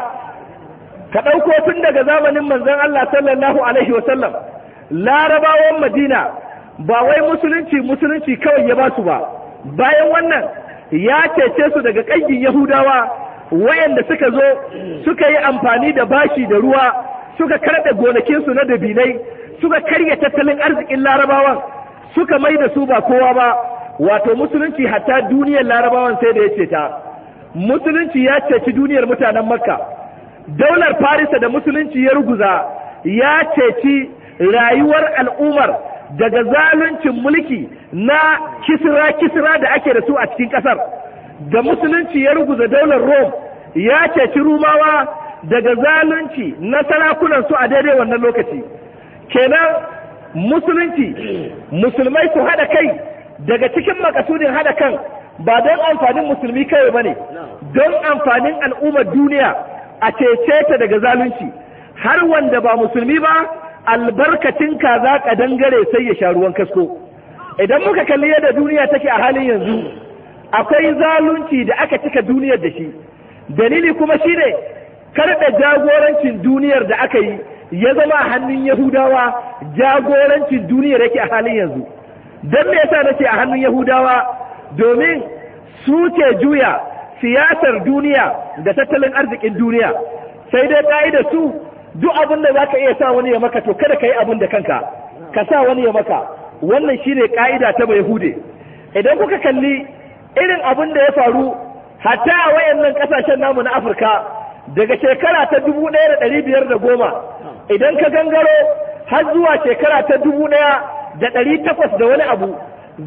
ka ɗauko tun daga zamanin manzon Allah sallallahu alaihi sallam larabawan madina ba wai musulunci musulunci kawai ya basu ba bayan wannan ya cece su daga ƙangin yahudawa wayanda suka zo suka yi amfani da bashi da ruwa suka karɓe gonakinsu na dabinai suka karya tattalin arzikin larabawan suka mai da su ba kowa ba wato musulunci hatta duniyar larabawan sai da ya ce ta musulunci ya ceci duniyar mutanen makka daular farisa da musulunci ya ruguza ya ceci rayuwar al'ummar daga zaluncin mulki na kisira kisira da ake da su a cikin ƙasar da musulunci ya ruguza daular Rome ya ceci Rumawa daga zalunci na sarakunan su a daidai wannan lokaci kenan musulunci musulmai su haɗa kai daga cikin makasudin haɗa kan ba don amfanin musulmi kawai ne don amfanin al'ummar duniya a cece ta daga zalunci har wanda ba musulmi ba albarkacin kaza ka dangare sai ya sha ruwan kasko idan muka kalli yadda duniya take a halin yanzu akwai zalunci da aka cika duniyar da shi dalili kuma shi ne karɗa jagorancin duniyar da aka yi ya zama hannun yahudawa jagorancin duniyar yake a halin yanzu don me yasa nake a hannun yahudawa domin su ke juya siyasar duniya da tattalin arzikin duniya sai dai da su duk abin da ka iya sa wani ya maka to kada ka yi abin da kanka ka sa wani ya maka wannan shine ka'ida ta bai hude idan kuka kalli irin abin da ya faru hatta a wayannan kasashen namu na afirka daga shekara ta dubu ɗaya da ɗari biyar da goma idan ka gangaro har zuwa shekara ta dubu ɗaya da ɗari takwas da wani abu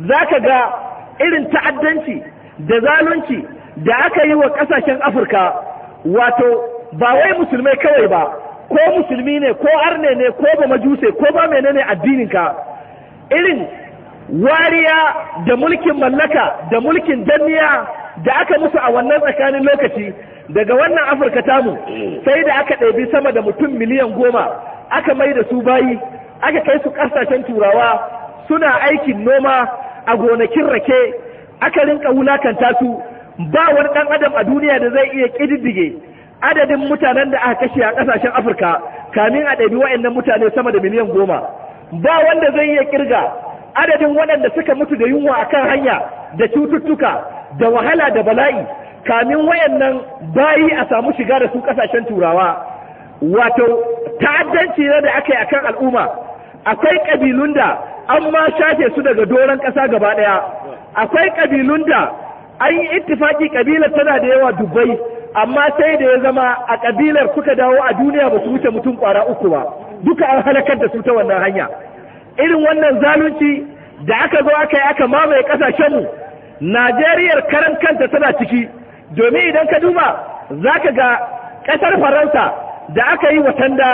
za ka ga irin ta'addanci da zalunci da aka yi wa kasashen afirka wato ba wai musulmai kawai ba ko musulmi ne ko arne ne ko ba majuse ko ba menene addininka irin wariya da mulkin mallaka da mulkin danniya da aka musu a wannan tsakanin lokaci daga wannan afirka tamu sai da aka ɗabi sama da mutum miliyan goma aka mai da su bayi aka kai su ƙasashen turawa suna aikin noma a gonakin rake aka rinka wulakanta su ba wani ɗan adam a duniya da zai iya ƙididdige adadin mutanen da aka kashe a ƙasashen afirka kamin a ɗabi wa'annan mutane sama da miliyan goma ba wanda zai iya ƙirga adadin waɗanda suka mutu da yunwa akan hanya da cututtuka da wahala da bala'i kamin wayannan bayi a samu shiga da su ƙasashen turawa wato ta'addanci na da aka yi kan al'umma akwai ƙabilun da an ma shafe su daga doron ƙasa gaba ɗaya akwai ƙabilun da an yi ittifaki ƙabilar tana da yawa dubbai amma sai da ya zama a ƙabilar kuka dawo a duniya ba su wuce mutum ƙwara uku ba duka an halakar da su ta wannan hanya irin wannan zalunci da aka zo aka yi aka mamaye kasashenmu najeriyar karan kanta tana ciki domin idan ka duba za ka ga ƙasar faransa da aka yi watanda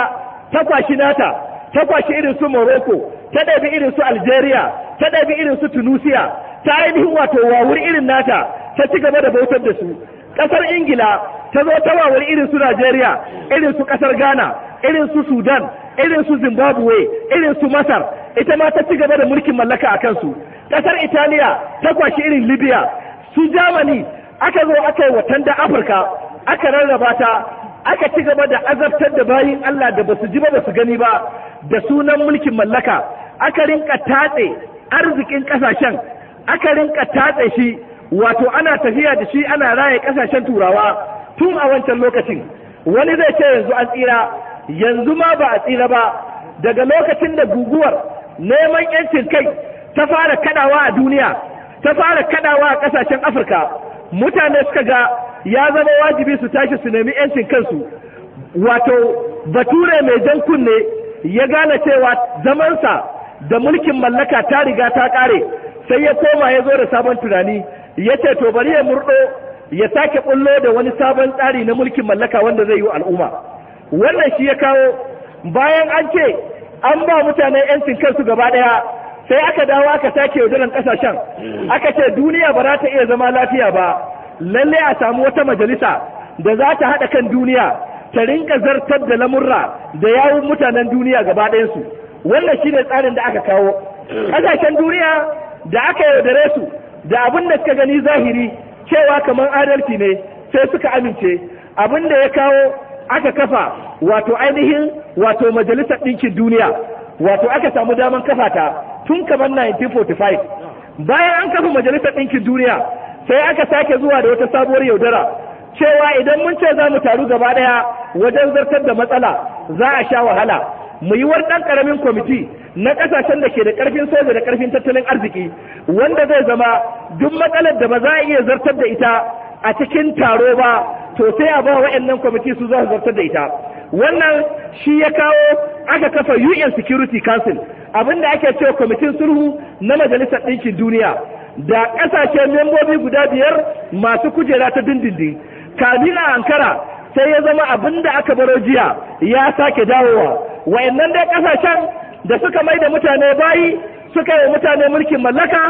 ta kwashi nata ta kwashi irin su morocco ta ɗabi irin su algeria ta ɗabi irin su tunisia ta ainihin wato wawur irin nata ta ci gaba da bautar da su ƙasar ingila ta zo ta wawur irin su najeriya irin su ƙasar ghana irin su sudan irin su zimbabwe irin su masar ita ma ta ci gaba da mulkin mallaka a kansu ƙasar italiya ta kwashi irin libya su jamani aka zo aka yi watan da afirka aka rarraba ta aka ci gaba da azabtar da bayin allah da basu ji ba basu gani ba da sunan mulkin mallaka aka rinka tatse arzikin ƙasashen aka rinka tatse shi wato ana tafiya da shi ana raye ƙasashen turawa tun a wancan lokacin wani zai ce yanzu an tsira yanzu ma ba a tsira ba daga lokacin da guguwar neman yancin kai ta fara kadawa a duniya ta fara kadawa a kasashen afirka mutane suka ga ya zama wajibi su tashi su nemi yancin kansu wato bature mai jan kunne ya gane cewa zamansa da mulkin mallaka ta riga ta kare sai ya koma ya zo da sabon tunani ya ce to bari ya murdo ya sake bullo da wani sabon tsari na mulkin mallaka wanda zai yi al'umma wannan shi ya kawo bayan an ce an ba mutane yancin kansu gaba daya sai aka dawo aka sake yaudarar kasashen aka ce duniya ba za ta iya zama lafiya ba lalle a samu wata majalisa da za ta haɗa kan duniya ta rinka zartar da lamurra da yawun mutanen duniya gaba ɗayansu wannan shi ne tsarin da aka kawo ƙasashen duniya da aka yaudare su da abin da suka gani zahiri cewa kamar adalci ne sai suka amince abin da ya kawo aka kafa wato ainihin wato majalisar ɗinkin duniya wato aka samu daman kafa ta tun kamar 1945 bayan an kafa majalisar ɗinkin duniya sai aka sake zuwa da wata sabuwar yaudara cewa idan mun ce za mu taru gaba ɗaya wajen zartar da matsala za a sha wahala mu yi wani ɗan ƙaramin kwamiti na ƙasashen da ke da ƙarfin soja da ƙarfin tattalin arziki wanda zai zama duk matsalar da ba za a iya zartar da ita a cikin taro ba to sai a ba waɗannan kwamiti su za su zartar da ita wannan shi ya kawo aka kafa UN Security Council abinda ake cewa kwamitin sulhu na majalisar ɗinkin duniya da ƙasashen membobi guda biyar masu kujera ta dindindin kamila ankara sai ya zama abin da aka baro jiya ya sake dawowa wayannan dai ƙasashen da suka mai da mutane bayi suka yi mutane mulkin mallaka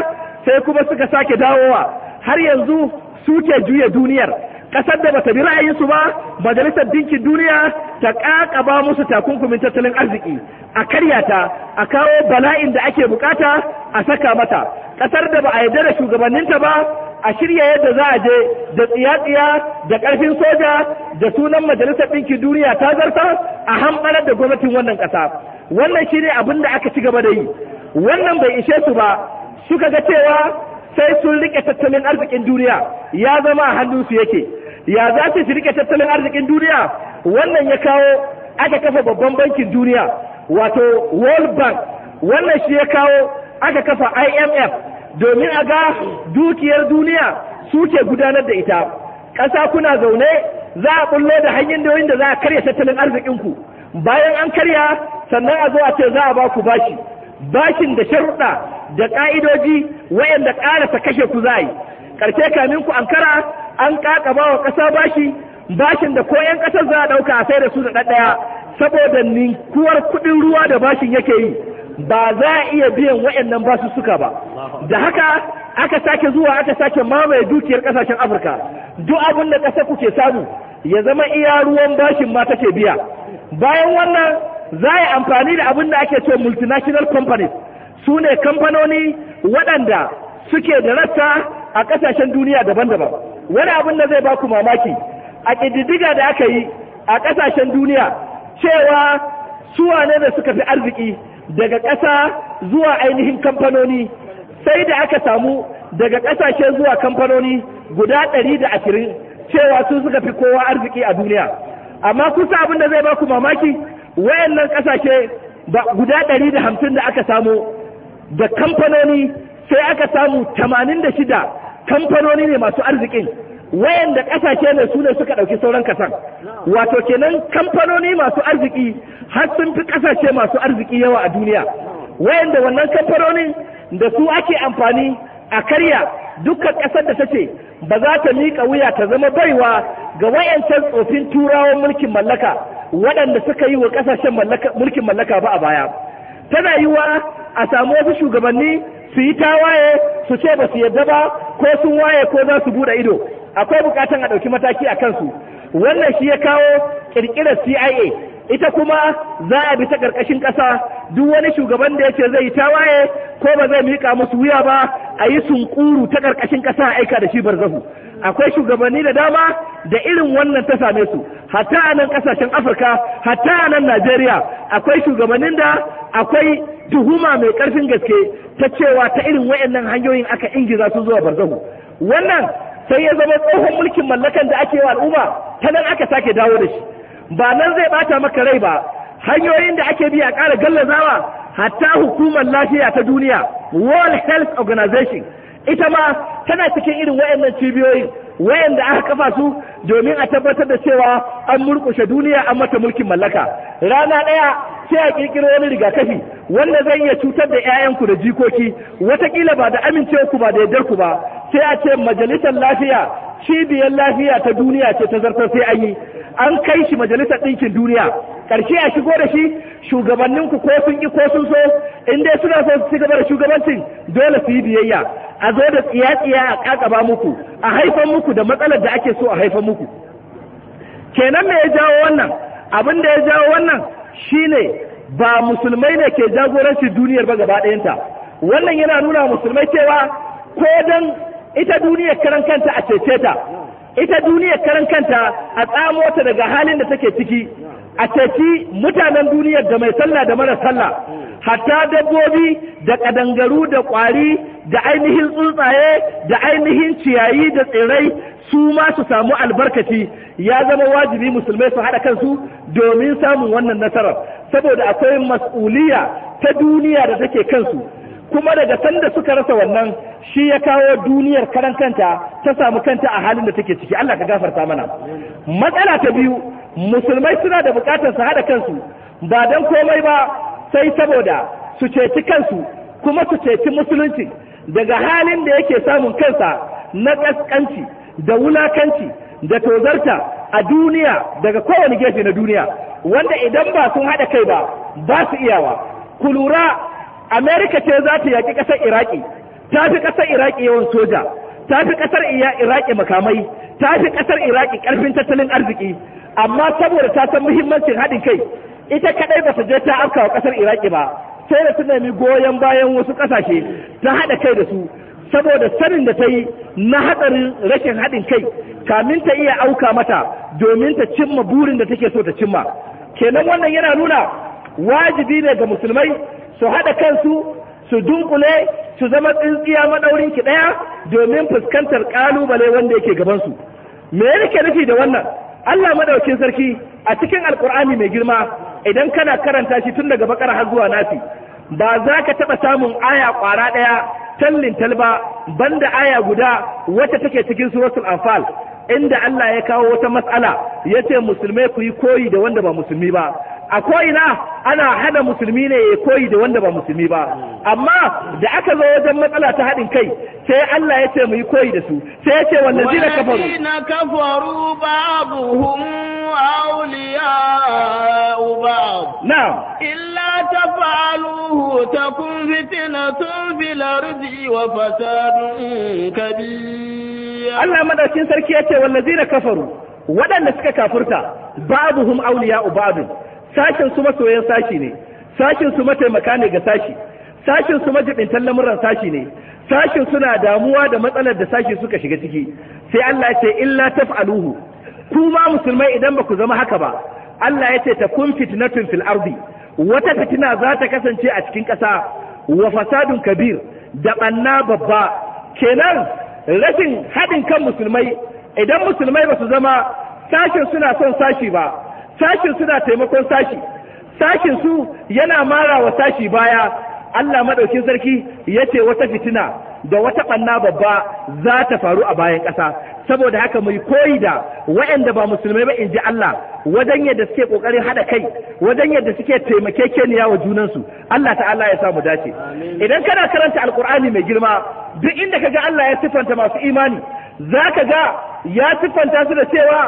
sai kuma suka sake dawowa har yanzu suke juya duniyar kasar da bata bi ra'ayinsu ba majalisar dinkin duniya ta kakaba musu takunkumin tattalin arziki a karya ta a kawo bala'in da ake bukata a saka mata kasar da ba a yarda da shugabanninta ba a shirya yadda za a je da tsiya-tsiya da karfin soja da sunan majalisar dinkin duniya ta zarta a hambarar da gwamnatin wannan kasa wannan shine abin da aka ci gaba da yi wannan bai ishe su ba suka ga cewa sai sun rike tattalin arzikin duniya ya zama a hannun su yake ya za su shi rike tattalin arzikin duniya wannan ya kawo aka kafa babban bankin duniya wato world bank wannan shi ya kawo aka kafa imf domin a ga dukiyar duniya suke gudanar da ita ƙasa kuna zaune za a bullo da doyin da za a karya tattalin arzikinku bayan an karya sannan a zo a ce za a ba ku bashi bashin da sharuɗa da ƙa'idoji wayanda ƙarasa kashe ku za a yi karshe kamin ku ankara an kakaba wa ƙasa bashi bashin da ko yan ƙasar za a ɗauka sai da su da ɗaɗɗaya saboda ninkuwar kuɗin ruwa da bashin yake yi ba za a iya biyan wayannan basu suka ba da haka aka sake zuwa aka sake mamaye dukiyar kasashen afirka duk abin da ƙasar ku samu ya zama iya ruwan bashin ma take biya bayan wannan za a amfani da abin da ake ce multinational companies su ne kamfanoni waɗanda suke da rassa a ƙasashen duniya daban-daban wani abin da zai baku mamaki a ƙididdiga da aka yi a ƙasashen duniya cewa su wane da suka fi arziki daga ƙasa zuwa ainihin kamfanoni sai da aka samu daga ƙasashe zuwa kamfanoni guda ɗari da ashirin cewa su suka fi kowa arziki a duniya amma kusa abin da zai baku mamaki wayannan ƙasashe guda ɗari da hamsin da aka samu da kamfanoni sai aka samu tamanin da shida kamfanoni ne masu arzikin wayanda kasashe ne su ne suka ɗauki sauran kasan wato kenan kamfanoni masu arziki har sun fi kasashe masu arziki yawa a duniya wayanda wannan kamfanonin da su ake amfani a karya dukkan ƙasar da ta ba za ta miƙa wuya ta zama baiwa ga wayancan tsofin turawan mulkin mallaka waɗanda suka yi wa ƙasashen mulkin mallaka ba a baya tana yiwa a samu wasu shugabanni su yi tawaye su ce ba su yadda ba ko sun waye ko za su bude ido akwai bukatan a ɗauki mataki a kansu wannan shi ya kawo ƙirƙirar CIA ita kuma za a bi ta ƙarƙashin ƙasa duk wani shugaban da ya ce zai yi tawaye ko ba zai miƙa musu wuya ba a yi sunkuru ta ƙarƙashin ƙasa a aika da shi barzahu akwai shugabanni da dama da irin wannan ta same su hatta a nan kasashen afirka hatta a nan najeriya akwai shugabannin da akwai tuhuma mai karfin gaske ta cewa ta irin wayannan hanyoyin aka ingiza su zuwa barzahu wannan sai ya zama tsohon mulkin mallakan da ake wa al'umma ta nan aka sake dawo da shi ba nan zai bata maka rai ba hanyoyin da ake bi a ƙara gallazawa hatta hukumar lafiya ta duniya world health organization ita ma tana cikin irin wayannan cibiyoyin wayanda aka kafa su domin a tabbatar da cewa an murƙushe duniya an mata mulkin mallaka rana ɗaya sai a kirkiro wani rigakafi wanda zai iya cutar da 'ya'yanku da jikoki watakila ba da amincewarku ba da yardarku ba sai a ce majalisar lafiya cibiyar lafiya ta duniya ce ta zartar sai an yi an kai shi majalisar ɗinkin duniya ƙarshe a shigo da shi shugabannin ku ko sun yi ko sun so in dai suna so su gaba da shugabancin dole su yi biyayya a zo da tsiyatsiya tsiya a ƙaƙaba muku a haifan muku da matsalar da ake so a haifan muku kenan me ya jawo wannan abin da ya jawo wannan shine ba musulmai ne ke jagorancin duniyar ba gaba ɗayanta wannan yana nuna musulmai cewa ko dan ita duniyar karan kanta a cece ta ita duniyar karan kanta a tsamo ta daga halin da take ciki a ceci mutanen duniyar da mai sallah da mara sallah hatta dabbobi da kadangaru da kwari da ainihin tsuntsaye da ainihin ciyayi da tsirai su ma su samu albarkaci ya zama wajibi musulmai su haɗa kansu domin samun wannan nasarar saboda akwai mas'uliya ta duniya da take kansu kuma daga sanda suka rasa wannan shi ya kawo duniyar karan kanta ta samu kanta a halin da take ciki Allah ka gafarta mana matsala ta biyu musulmai suna da bukatar su haɗa kansu ba don komai ba sai saboda su ceci kansu kuma su ceci musulunci daga halin da yake samun kansa na ƙasƙanci da wulakanci da tozarta a duniya daga kowane gefe na duniya wanda idan ba sun haɗa kai ba ba su iyawa ku lura Amerika ce za ta yaƙi ƙasar Iraki ta fi ƙasar Iraki yawan soja ta fi ƙasar Iraki makamai ta fi ƙasar Iraki ƙarfin tattalin arziki amma saboda ta san muhimmancin haɗin kai ita kaɗai ba ta je ta afkawa ƙasar Iraki ba sai da ta nemi goyon bayan wasu ƙasashe ta haɗa kai da su saboda sanin da ta yi na hatsarin rashin haɗin kai kamin ta iya auka mata domin ta cimma burin da take so ta cimma kenan wannan yana nuna wajibi ne ga musulmai su haɗa kansu su dunkule su zama tsintsiya maɗaurin ki ɗaya domin fuskantar ƙalubale wanda yake gabansu me yake nufi da wannan Allah madaukin sarki a cikin alkur'ani mai girma idan kana karanta shi tun daga baƙar har zuwa nafi ba za ka taɓa samun aya ƙwara ɗaya tallin talba banda aya guda wacce take cikin suratul anfal inda Allah ya kawo wata mas'ala yace musulmai ku yi koyi da wanda ba musulmi ba a ko'ina ana hada musulmi ne ya koyi da wanda ba musulmi ba amma da aka zo wajen matsala ta haɗin kai sai Allah ya ce mu yi koyi da su sai ya ce wanda zina kafaru wanda kafaru babu ba'abuhum awliya'u ba'd na'am illa taf'aluhu takun fitnatun fil ardi wa fasadun kabiya. Allah madaukin sarki ya ce wanda zina kafaru waɗanda suka kafurta babuhum awliya'u ba'd sashin su masoyan sashi ne sashin su mataimaka ne ga sashi sashin su majibintan lamuran sashi ne sashin suna damuwa da matsalar da sashi suka shiga ciki sai Allah ya ce illa taf'aluhu ku ma musulmai idan ba ku zama haka ba Allah ya ce takun fitnatun fil ardi wata fitina za ta kasance a cikin ƙasa wa fasadun kabir da banna babba kenan rashin haɗin kan musulmai idan musulmai ba su zama sashin suna son sashi ba sashin suna taimakon sashi sashin su yana mara wa sashi baya Allah madauki sarki ya ce wata fitina da wata banna babba za ta faru a bayan ƙasa saboda haka mai koyi da waɗanda ba musulmai ba in ji Allah wajen yadda suke ƙoƙarin haɗa kai wajen yadda suke taimake taimakekeniya wa junansu Allah ta'ala ya samu dace idan kana karanta alƙur'ani mai girma duk inda ka ga Allah ya siffanta masu imani za ka ga ya siffanta su da cewa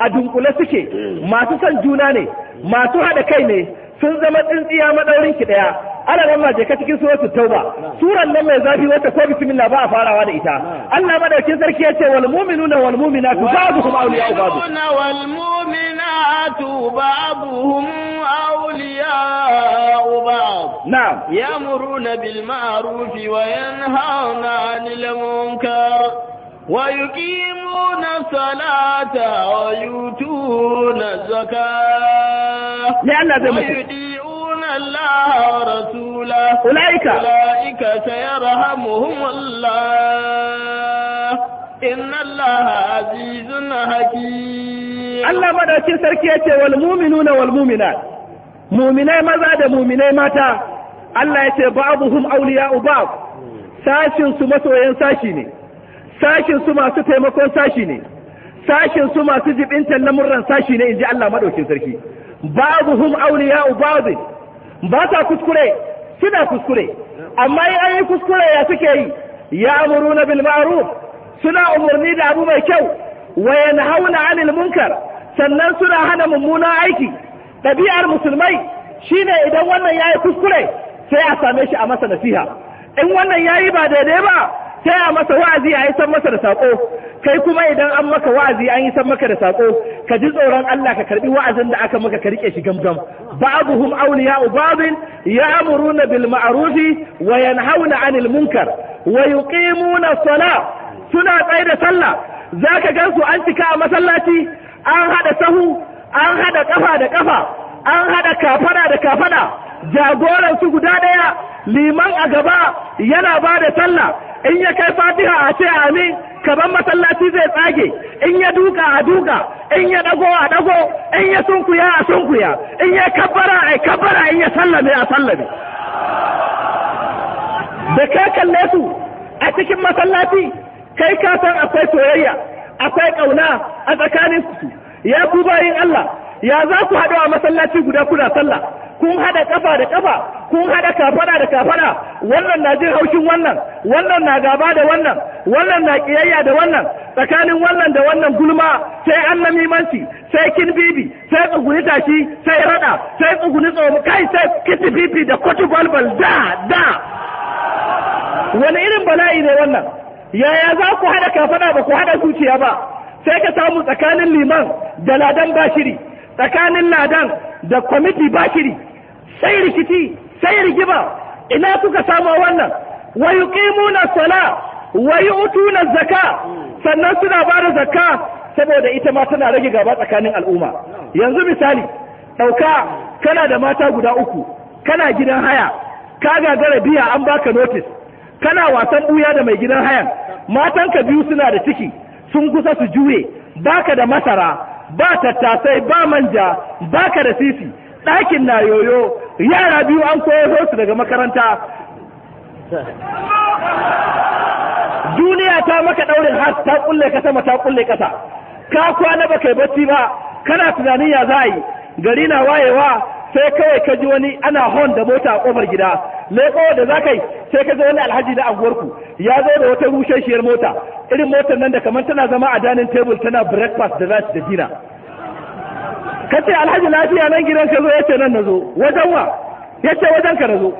a dunkule suke masu son juna ne masu haɗa kai ne sun zama tsintsiya maɗaurin ki ɗaya ana nan maje ka cikin suratul tauba suran nan mai zafi wata ko bismillah ba a farawa da ita Allah madaukin sarki yace wal mu'minuna wal mu'minatu ba'dhum awliya'u ba'd wal mu'minatu ba'dhum awliya'u ba'd na'am ya'muruna bil ma'ruf wa yanhauna 'anil munkar ويقيمون الصلاة ويؤتون الزكاة ويطيعون الله ورسوله أولئك أولئك سيرحمهم الله إن الله عزيز حكيم الله madaukin sarki ya ce wal mu'minuna wal mu'minai maza da mu'minai mata Allah ya ce ba'dhum awliya'u sashin su masoyan sashi ne sashin su masu taimakon sashi ne sashin su masu na murran sashi ne inji Allah madaukin sarki hum auliya ba'd ba ta kuskure suna kuskure amma in an kuskure ya suke yi ya amuruna bil ma'ruf suna umarni da abu mai kyau wa yanhauna 'anil munkar sannan suna hana mummunan aiki ɗabi'ar musulmai shine idan wannan yayi kuskure sai a same shi a masa nasiha in wannan yayi ba daidai ba taya masa wa'azi a yi san masa da sako kai kuma idan an maka wa'azi an yi san maka da sako ka ji tsoron Allah ka karbi wa'azin da aka maka ka rike shi gamgam ba'dhum awliya'u ba'dhin ya'muruna bil ma'ruf wa yanhauna 'anil munkar wa yuqimuna as-salah suna tsaye da sallah zaka gan su an cika a masallaci an hada sahu an hada kafa da kafa an hada kafada da kafada jagoran su guda ɗaya liman a gaba yana ba da sallah in ya kai fatiha a ce amin kaban masallaci zai tsage in ya duka a duka in ya dago a dago in ya sunkuya a sunkuya in ya kabbara a kabbara in ya sallame a sallame da kai kalle su a cikin masallaci kai ka san akwai soyayya akwai kauna a tsakanin su ya ku bayin Allah ya za ku haɗu a masallaci guda kuna sallah kun haɗa ƙafa da ƙafa kun haɗa kafada da kafada wannan na jin haushin wannan wannan na gaba da wannan wannan na ƙiyayya da wannan tsakanin wannan da wannan gulma sai an namimanci sai kin bibi sai tsuguni tashi sai raɗa sai tsuguni tsoro kai sai kiti bibi da kwatu balbal da da wani irin bala'i ne wannan yaya za ku haɗa kafada ba ku haɗa zuciya ba sai ka samu tsakanin liman da ladan bashiri tsakanin ladan da kwamiti bashiri sai rikici sai rigiba ina kuka samo wannan wa yuqimuna sala wa yu'tuna zakka sannan suna ba da zakka saboda ita ma tana rage gaba tsakanin al'umma yanzu misali ɗauka kana da mata guda uku kana gidan haya ka gagara biya an baka notice kana wasan buya da mai gidan hayan matanka biyu suna da ciki sun kusa su jure baka da masara ba tattasai ba manja baka da sisi ɗakin na yoyo yara biyu an koyo su daga makaranta duniya ta maka daurin har ta kulle ka sama ta kulle kasa ka kwana ba kai bacci ba kana tunanin ya za yi gari na wayewa sai kawai ka ji wani ana hon da mota a kofar gida leko da za kai sai ka zo wani alhaji na anguwarku ya zo da wata shiyar mota irin motar nan da kamar tana zama a danin tebul tana breakfast da za da dina ka ce alhaji lafiya nan gidan ka zo ya nan na zo wajen wa ya ce wajen ka na zo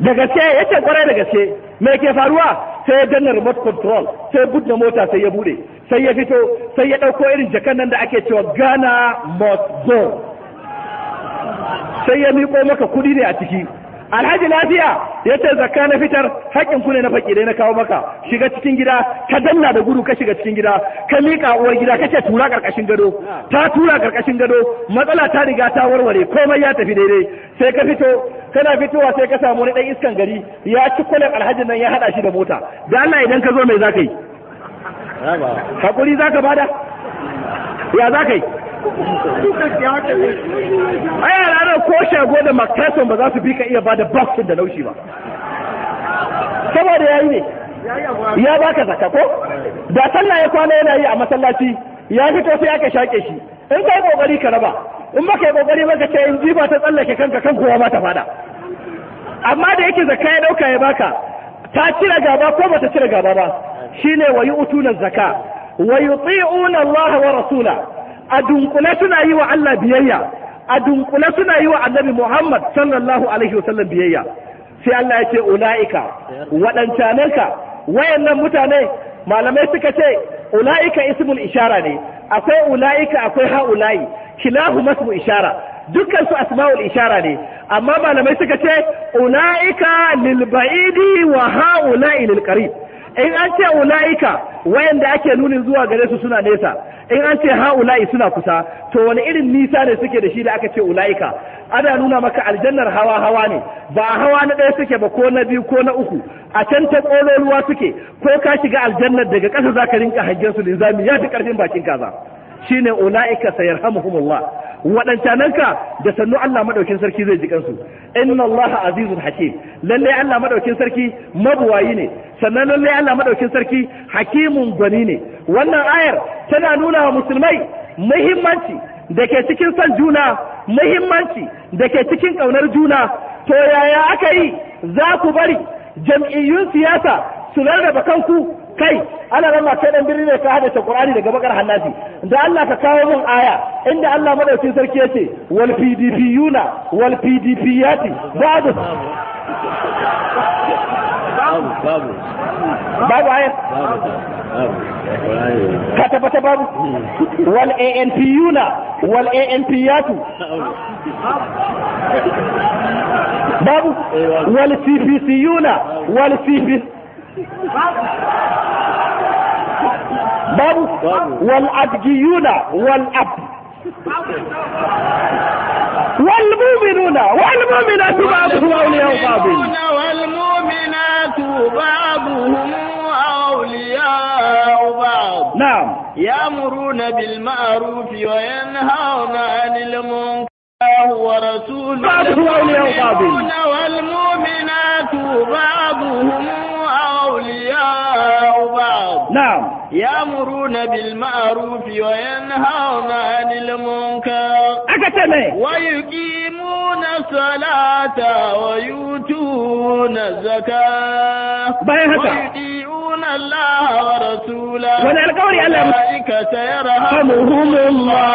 da gaske ya ce kwarai da gaske me ke faruwa sai ya danna remote control sai budda mota sai ya bude sai ya fito sai ya ɗauko irin jakan nan da ake cewa Ghana must go sai ya miƙo maka kuɗi ne a ciki alhaji lafiya ya ce zakka na fitar haƙƙin ku ne na dai na kawo maka shiga cikin gida ka danna da gudu ka shiga cikin gida ka miƙa uwar gida kace tura ƙarƙashin gado ta tura ƙarƙashin gado matsala ta riga ta warware komai ya tafi daidai sai ka fito kana fitowa sai ka samu wani ɗan iskan gari ya ci kwalar alhaji nan ya haɗa shi da mota da Allah idan ka zo mai za ka yi hakuri za ka bada ya za ka yi A a ranar ko shago da makason ba za su bi ka iya ba da boxing da laushi ba saboda ya yi ne ya ba ka zaka ko da sallah ya kwana yana yi a masallaci ya fito sai aka shaƙe shi in ka kokari ƙoƙari ka raba in baka yi ƙoƙari ba ka ce in jifa ta tsallake kanka kan kowa ba ta fada amma da yake zaka ya ɗauka ya baka ta cire gaba ko bata cire gaba ba shine wayu yi utunan zaka wa Allah wa rasula a dunkule suna yi wa Allah biyayya a dunkule suna yi wa annabi Muhammad sallallahu alaihi wasallam biyayya sai Allah ya ce ula'ika waɗancanenka wayannan mutane malamai suka ce ula'ika ismul ishara ne akwai ula'ika akwai ha'ula'i kilahu masmu ishara dukkan su asma'ul ishara ne amma malamai suka ce ula'ika lil ba'idi wa ha'ula'i lil qarib in an ce ula'ika wayanda ake nuni zuwa gare su suna nesa in an ce ha'ula'i suna kusa to wani irin nisa ne suke da shi da aka ce ula'ika ana nuna maka aljannar hawa hawa ne ba hawa na ɗaya suke ba ko na biyu ko na uku a can ta ƙololuwa suke ko ka shiga aljannar daga ƙasa za ka rinka hangen su linzami ya fi ƙarfin bakin kaza shine ula'ika sayarhamuhumullah waɗancananka da sannu Allah maɗaukin sarki zai ji kansu inna Allah azizun hakim lalle Allah maɗaukin sarki mabuwayi ne sannan lalle Allah maɗaukin sarki hakimun gwani ne wannan ayar tana nuna wa musulmai muhimmanci da ke cikin son juna muhimmanci da ke cikin ƙaunar juna to yaya aka yi za ku bari jam'iyyun siyasa su rarraba kanku kai ana nan ma sai dan birni ne ka hadace Qur'ani daga bakar hannasi da Allah ka kawo mun aya inda Allah madaukin sarki yace wal PDP yuna, wal PDP yati babu babu babu aya ka tabbata babu wal yuna. wal anpiyatu eh, babu wal yuna. wal cpc باب والأبجيون والأب والمؤمنون والمؤمنات بعضهم أولياء بعض والمؤمنات بعضهم أولياء بعض نعم يأمرون بالمعروف وينهون عن المنكر ورسوله بعضهم أولياء بعض والمؤمنات بعضهم أتباع بعض نعم يأمرون بالمعروف وينهون عن المنكر أكتمي ويقيمون الصلاة ويؤتون الزكاة ويطيعون الله ورسوله أولئك سيرحمهم الله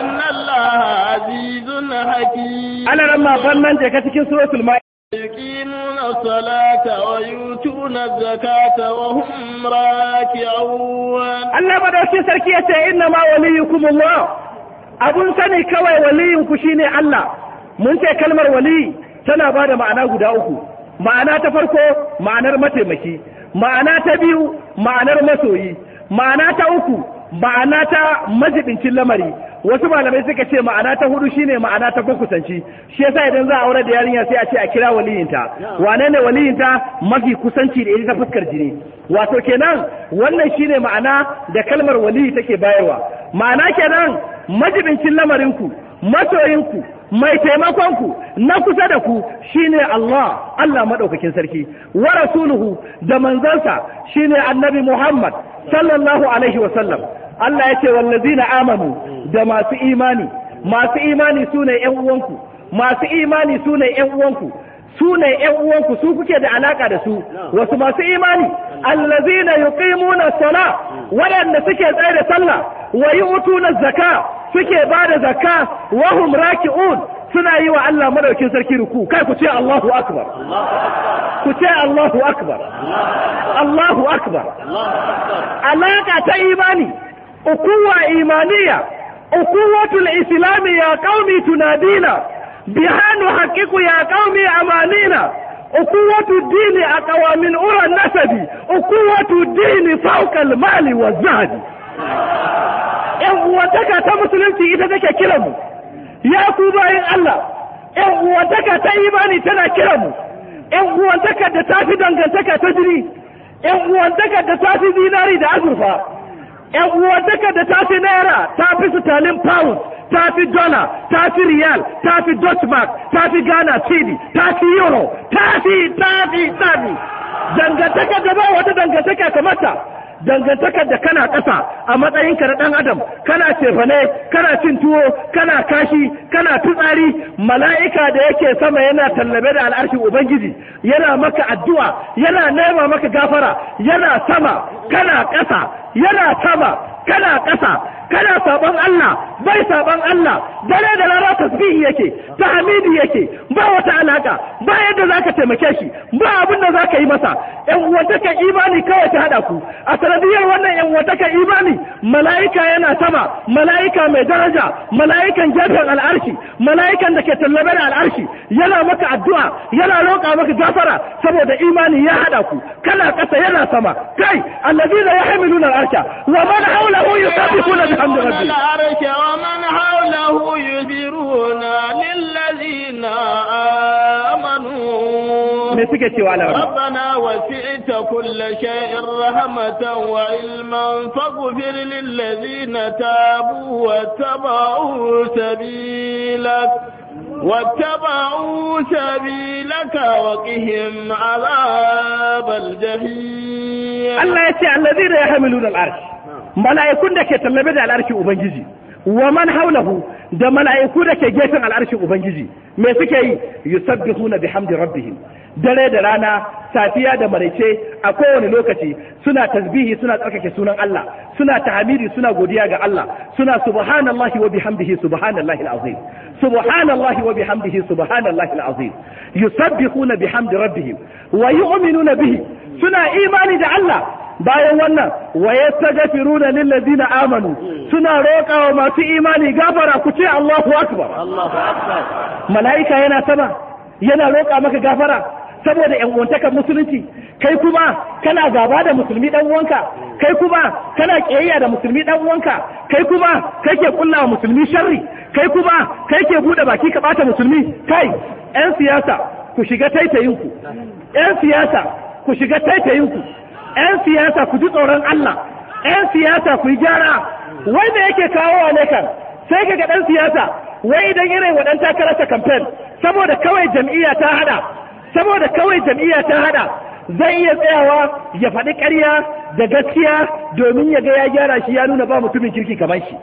إن الله عزيز حكيم أنا لما ظننت كتكين سورة الماء يقيمون الصلاة ويؤتون الزكاة وهم راكعون الله ما دوكي سركية إنما وليكم الله abun sani kawai waliyinku shine Allah mun ce kalmar wali tana bada ma'ana guda uku ma'ana ta farko ma'anar mataimaki ma'ana ta biyu ma'anar masoyi ma'ana ta uku ma'ana ta majibincin lamari wasu malamai suka ce ma'ana ta hudu shine ma'ana ta kusanci shi yasa idan za a aure da yarinya sai a ce a kira waliyinta wane ne waliyinta mafi kusanci da ita fuskar jini wato kenan wannan shine ma'ana da kalmar waliyi take bayarwa ma'ana kenan majibincin lamarinku masoyinku mai taimakonku na kusa da ku shine Allah Allah madaukakin sarki wa rasuluhu da manzansa shine annabi Muhammad sallallahu alaihi wa sallam Allah ya ce wallazina amanu da masu imani masu imani su yan uwanku masu imani su yan uwanku su yan uwanku su kuke da alaka da su wasu masu imani allazina yuqimuna sala waɗanda suke tsaye da sallah wa yu'tuna zakka suke ba da zakka wa hum raki'un suna yi wa Allah madaukin sarki ruku kai ku ce Allahu akbar ku ce Allahu akbar Allahu akbar alaka ta imani ukuwa imaniya ukuwatul islami ya qaumi tunadina bihanu hakiku ya qaumi amanina ukuwatu dini aqawamin ura nasabi ukuwatu dini fawqa mali yan uwataka ta musulunci ita take kira mu ya ku bayin Allah yan uwataka ta imani tana kira mu yan uwataka da tafi dangantaka ta jini yan uwataka da tafi zinari da azurfa yan duka da ta fi naira ta fi sitalin pound ta fi dola ta fi riyal ta fi deutsche mark ta fi ghana cedi ta fi euro ta fi ta fi ta fi dangantaka da ba wata dangantaka kamata dangantakar da kana ƙasa a matsayin ka na ɗan adam kana cefane kana cin tuwo kana kashi kana tutsari mala'ika da yake sama yana tallabe da al'arshin ubangiji yana maka addu'a yana nema maka gafara yana sama kana ƙasa yana sama kana ƙasa kana saban Allah bai saban Allah dare da rana tasbihi yake tahmidi yake ba wata alaka ba yadda zaka taimake shi ba abin da zaka yi masa yan uwantaka imani kawai ta hada ku a sanadiyar wannan ƴan uwantaka imani mala'ika yana sama mala'ika mai daraja mala'ikan gefen al'arshi mala'ikan da ke tallabe da al'arshi yana maka addu'a yana roƙa maka gafara saboda imani ya hada ku kana ƙasa yana sama kai allazina yahmiluna al'arsha wa man حوله يسابقون بحمد ربه ومن عرك ومن حوله يذرون للذين آمنوا ربنا وسعت كل شيء رحمة وعلما فاغفر للذين تابوا واتبعوا سبيلك واتبعوا سبيلك وقهم عذاب الجحيم الله يسعى الذين يحملون العرش mala'ikun da ke tallabe da al'arshin ubangiji wa man haulahu da mala'iku da ke gefen al'arshin ubangiji me suke yi yusabbihuna bihamdi rabbihim dare da rana safiya da maraice a kowane lokaci suna tasbihi suna tsarkake sunan Allah suna tahmidi suna godiya ga Allah suna subhanallahi wa bihamdihi subhanallahi alazim subhanallahi wa bihamdihi subhanallahi alazim yusabbihuna bihamdi rabbihim wa yu'minuna bihi suna imani da Allah bayan wannan waye ta wa yastaghfiruna lil ladina amanu suna roƙa wa masu imani gafara ku ce Allahu akbar malaika yana sama yana roƙa maka gafara saboda yan uwantakar musulunci kai kuma kana gaba da musulmi ɗan uwanka kai kuma kana ƙeyya da musulmi ɗan uwanka kai kuma kake kulla musulmi sharri kai kuma kai ke bude baki ka bata musulmi kai yan siyasa ku shiga taitayinku yan siyasa ku shiga taitayinku 'yan siyasa ku ji tsoron Allah 'yan siyasa ku yi gyara wai me yake kawo ne kan sai ga ɗan siyasa wai idan irin wa takarar takararsa kamfen saboda kawai jam'iyya ta hada saboda kawai jam'iyya ta hada zai iya tsayawa ya faɗi ƙarya da gaskiya domin ya ga ya gyara shi ya nuna ba mutumin kirki kamar shi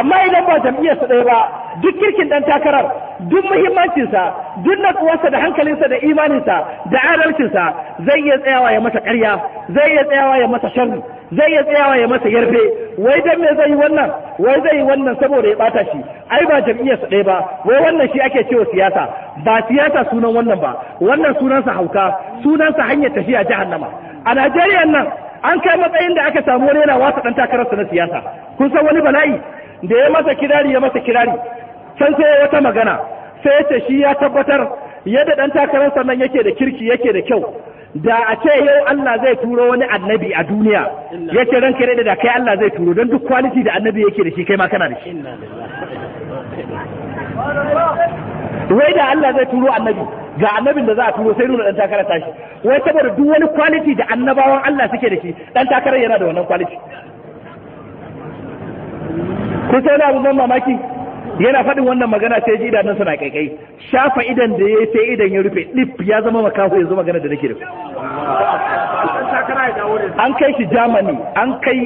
amma idan ba jam'iyyar su ɗaya ba duk kirkin ɗan takarar duk muhimmancinsa duk natsuwarsa da hankalinsa da imaninsa da adalcinsa zai iya tsayawa ya masa ƙarya zai iya tsayawa ya masa shan zai iya tsayawa ya masa yarfe wai dan me zai yi wannan wai zai yi wannan saboda ya bata shi ai ba jam'iyyar su ɗaya ba wai wannan shi ake cewa siyasa ba siyasa sunan wannan ba wannan sunansa hauka sunansa hanyar tafiya jahannama a Najeriya nan an kai matsayin da aka samu wani yana wasa dan takararsa na siyasa kun san wani bala'i da ya masa kirari ya masa kirari can sai wata magana sai ya ce shi ya tabbatar yadda dan takarar sannan yake da kirki yake da kyau da a ce yau Allah zai turo wani annabi a duniya yake ranka da da kai Allah zai turo don duk kwaliti da annabi yake da shi kai ma kana da shi wai da Allah zai turo annabi ga annabin da za a turo sai nuna dan takara tashi wai saboda duk wani quality da annabawan Allah suke da shi dan takarar yana da wannan quality ko sai da abubuwan mamaki yana faɗin wannan magana sai ji idanunsa na kaikai shafa idan da ya sai idan ya rufe dip ya zama makaho yanzu magana da nake da an kai shi Germany an kai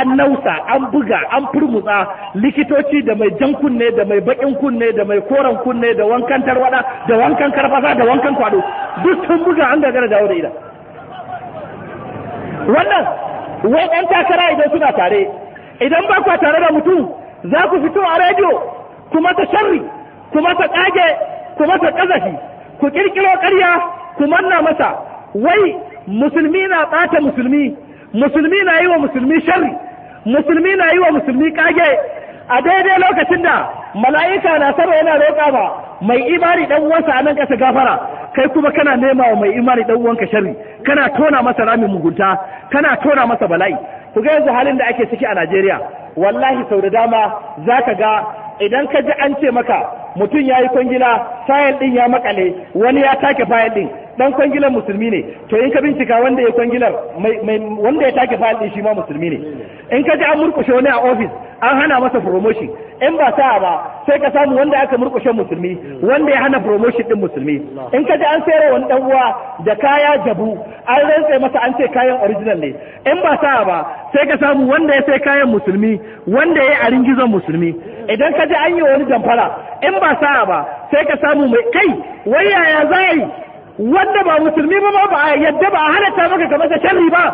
an nausa an buga an furmutsa likitoci da mai jan kunne da mai bakin kunne da mai koren kunne da wankan tarwada da wankan karfasa da wankan kwado duk sun buga an gagara dawo da ida wannan wai ɗan takara idan suna tare idan ba kwa tare da mutum za ku fito a rediyo ku ta sharri ku ta ƙage ku ta ƙazafi ku ƙirƙiro ƙarya ku manna masa wai musulmi na ɓata musulmi musulmi na yi wa musulmi sharri musulmi na yi wa musulmi ƙage a daidai lokacin da mala'ika na sarwa yana roƙa ba mai imani ɗan uwansa a nan ƙasa gafara kai kuma kana nema wa mai imani ɗan uwanka sharri kana tona masa ramin mugunta kana tona masa bala'i ku ga yanzu halin da ake ciki a Najeriya wallahi sau da dama ka ga idan ka ji an ce maka mutum ya yi kwangila fayil ɗin ya makale wani ya take fayil ɗin dan kwangilar musulmi ne to in ka bincika wanda ya kwangilar mai wanda ya take fa'al din shi ma musulmi ne in ka ji an murkushe wani a office an hana masa promotion in ba sa ba sai ka samu wanda aka murkushe musulmi wanda ya hana promotion din musulmi in ka ji an sayar wani dan uwa da kaya jabu an rantsa masa an ce kayan original ne in ba sa ba sai ka samu wanda ya sai kayan musulmi wanda ya yi a ringizon musulmi idan ka ji an yi wani damfara in ba sa ba sai ka samu mai kai wai yaya za yi wanda ba musulmi ba ba a yadda ba a halatta maka ka masa sharri ba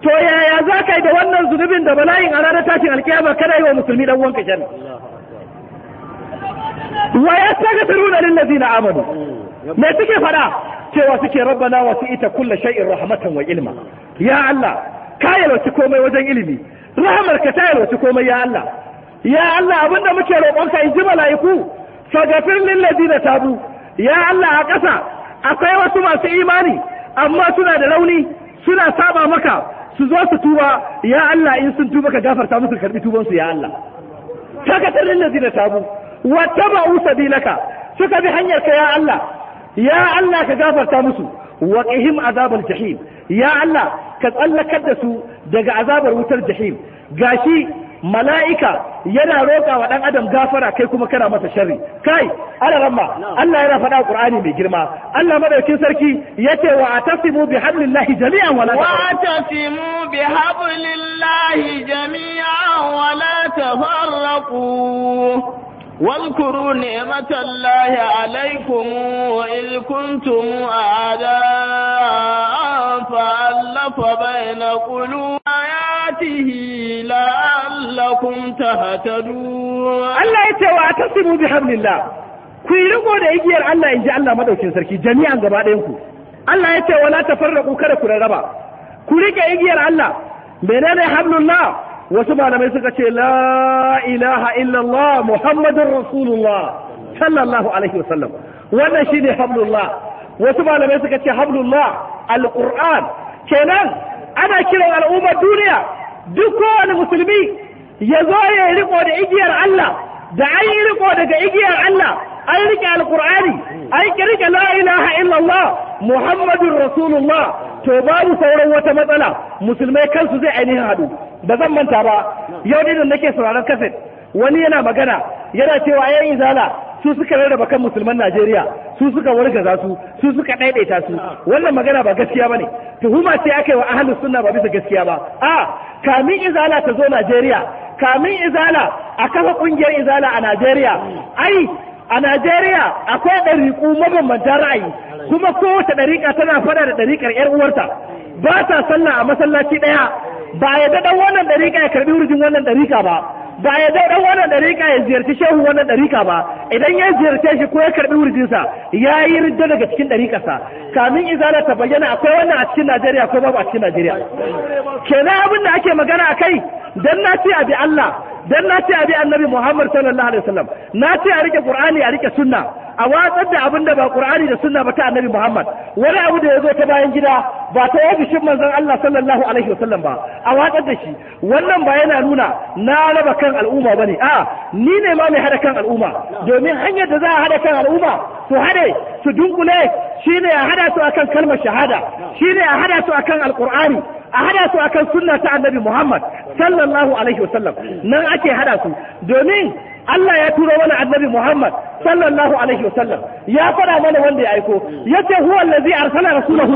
to yaya za ka yi da wannan zunubin da bala'in a ranar tashin alkiyama kana yi wa musulmi dan wanka sharri wa lil ladina amanu me suke fada cewa suke rabbana wa ita kulla shay'in rahmatan wa ilma ya Allah ka yalwaci komai wajen ilimi ka ta yalwaci komai ya Allah ya Allah abinda muke roƙonka in ji mala'iku fagafir ladina tabu ya Allah a ƙasa akwai wasu masu imani amma suna da rauni suna saba maka su zo su tuba ya Allah in sun tuba ka gafarta musu karbi tuban su ya Allah takatar lil ladina tabu ba tabu sabilaka suka bi hanyar ka ya Allah ya Allah ka gafarta musu wa qihim azabal jahim ya Allah ka tsallakar da su daga azabar wutar jahim gashi mala'ika yana roƙa wa ɗan adam gafara kai kuma kana masa sharri kai ala Allah yana faɗa ƙur'ani mai girma Allah madaukin sarki yace wa atasimu bi hablillahi jami'an wa la wa atasimu bi hablillahi jami'an wa la tafarraqu Wankuru ne matallai alaikum wa ilmantun adama fa Allah fa baina ƙuluwa. Ya cika la'allakum ta haduwa. Allah ya ce wa'a igiyar Allah in Allah maɗaukin Sarki jami'an gabaɗayan ku. Allah ya ce wa na tafar da kuka da kuna raba. Ku rike igiyar Allah, menene ne wasu malamai suka ce la ilaha illallah muhammadun rasulullah sallallahu alaihi wasallam wannan shine hablullah wasu malamai suka ce hablullah alquran kenan ana kiran al'ummar duniya duk kowane musulmi ya zo ya riko da igiyar Allah da an yi riko daga igiyar Allah ay rike alkur'ani an rike la ilaha illallah muhammadur rasulullah to babu sauran wata matsala musulmai kansu zai ainihin hadu da zan manta ba yau ne da nake sauraron kaset wani yana magana yana cewa yan izala su suka rarraba kan musulman Najeriya su suka wargaza su su suka daidaita su wannan magana ba gaskiya bane tuhuma sai aka yi wa ahlus sunna ba bisa gaskiya ba a kamin izala ta zo Najeriya kamin izala a kafa kungiyar izala a Najeriya ai a Najeriya akwai ɗariƙu mabambantan ra'ayi kuma kowace ɗariƙa tana faɗa da ɗariƙar ƴar uwarta ba ta sallah a masallaci ɗaya ba ya daɗa wannan ɗariƙa ya karɓi wurin wannan ɗariƙa ba ba ya zai dan wannan dariƙa ya ziyarci shehu wannan dariƙa ba idan ya ziyarce shi ko ya karbi wurdinsa ya yi ridda daga cikin sa kamin izala ta bayyana akwai wannan a cikin Najeriya ko babu a cikin Najeriya kenan abin da ake magana a kai dan na ce bi Allah dan na ce bi Annabi Muhammad sallallahu alaihi wasallam na ce a rike Qur'ani a rike sunna a watsar da abin da ba Qur'ani da sunna ba ta Annabi Muhammad wani abu da ya zo ta bayan gida ba ta ofishin manzon Allah sallallahu alaihi wasallam ba a watsar da shi wannan ba yana nuna na raba kai kan al'umma bane a ni ne ma mai hada kan al'umma domin hanyar da za a hada kan al'umma su hade su dunkule shine a hada su akan kalmar shahada shine a hada su akan alqur'ani a hada su akan sunna ta annabi Muhammad sallallahu alaihi wasallam nan ake hada su domin Allah ya turo mana annabi Muhammad sallallahu alaihi wasallam ya fada mana wanda ya aiko yace huwa allazi arsala rasulahu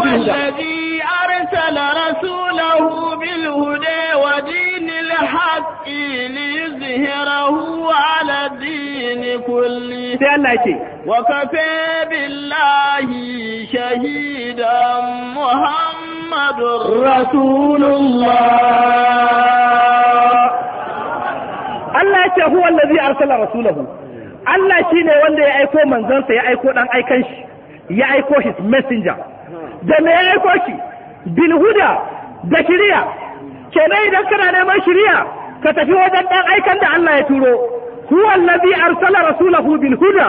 bil huda بالحق ليظهره على الدين كله وكفى بالله شهيدا محمد رسول الله Allah shi huwa allazi arsala rasulahu Allah shine wanda ya aiko manzansa ya aiko dan aikan shi ya aiko his messenger da me ya aiko shi bil da shiriya kenan idan kana neman shiriya ka tafi wajen dan aikan da Allah ya turo huwa allazi arsala rasulahu bil huda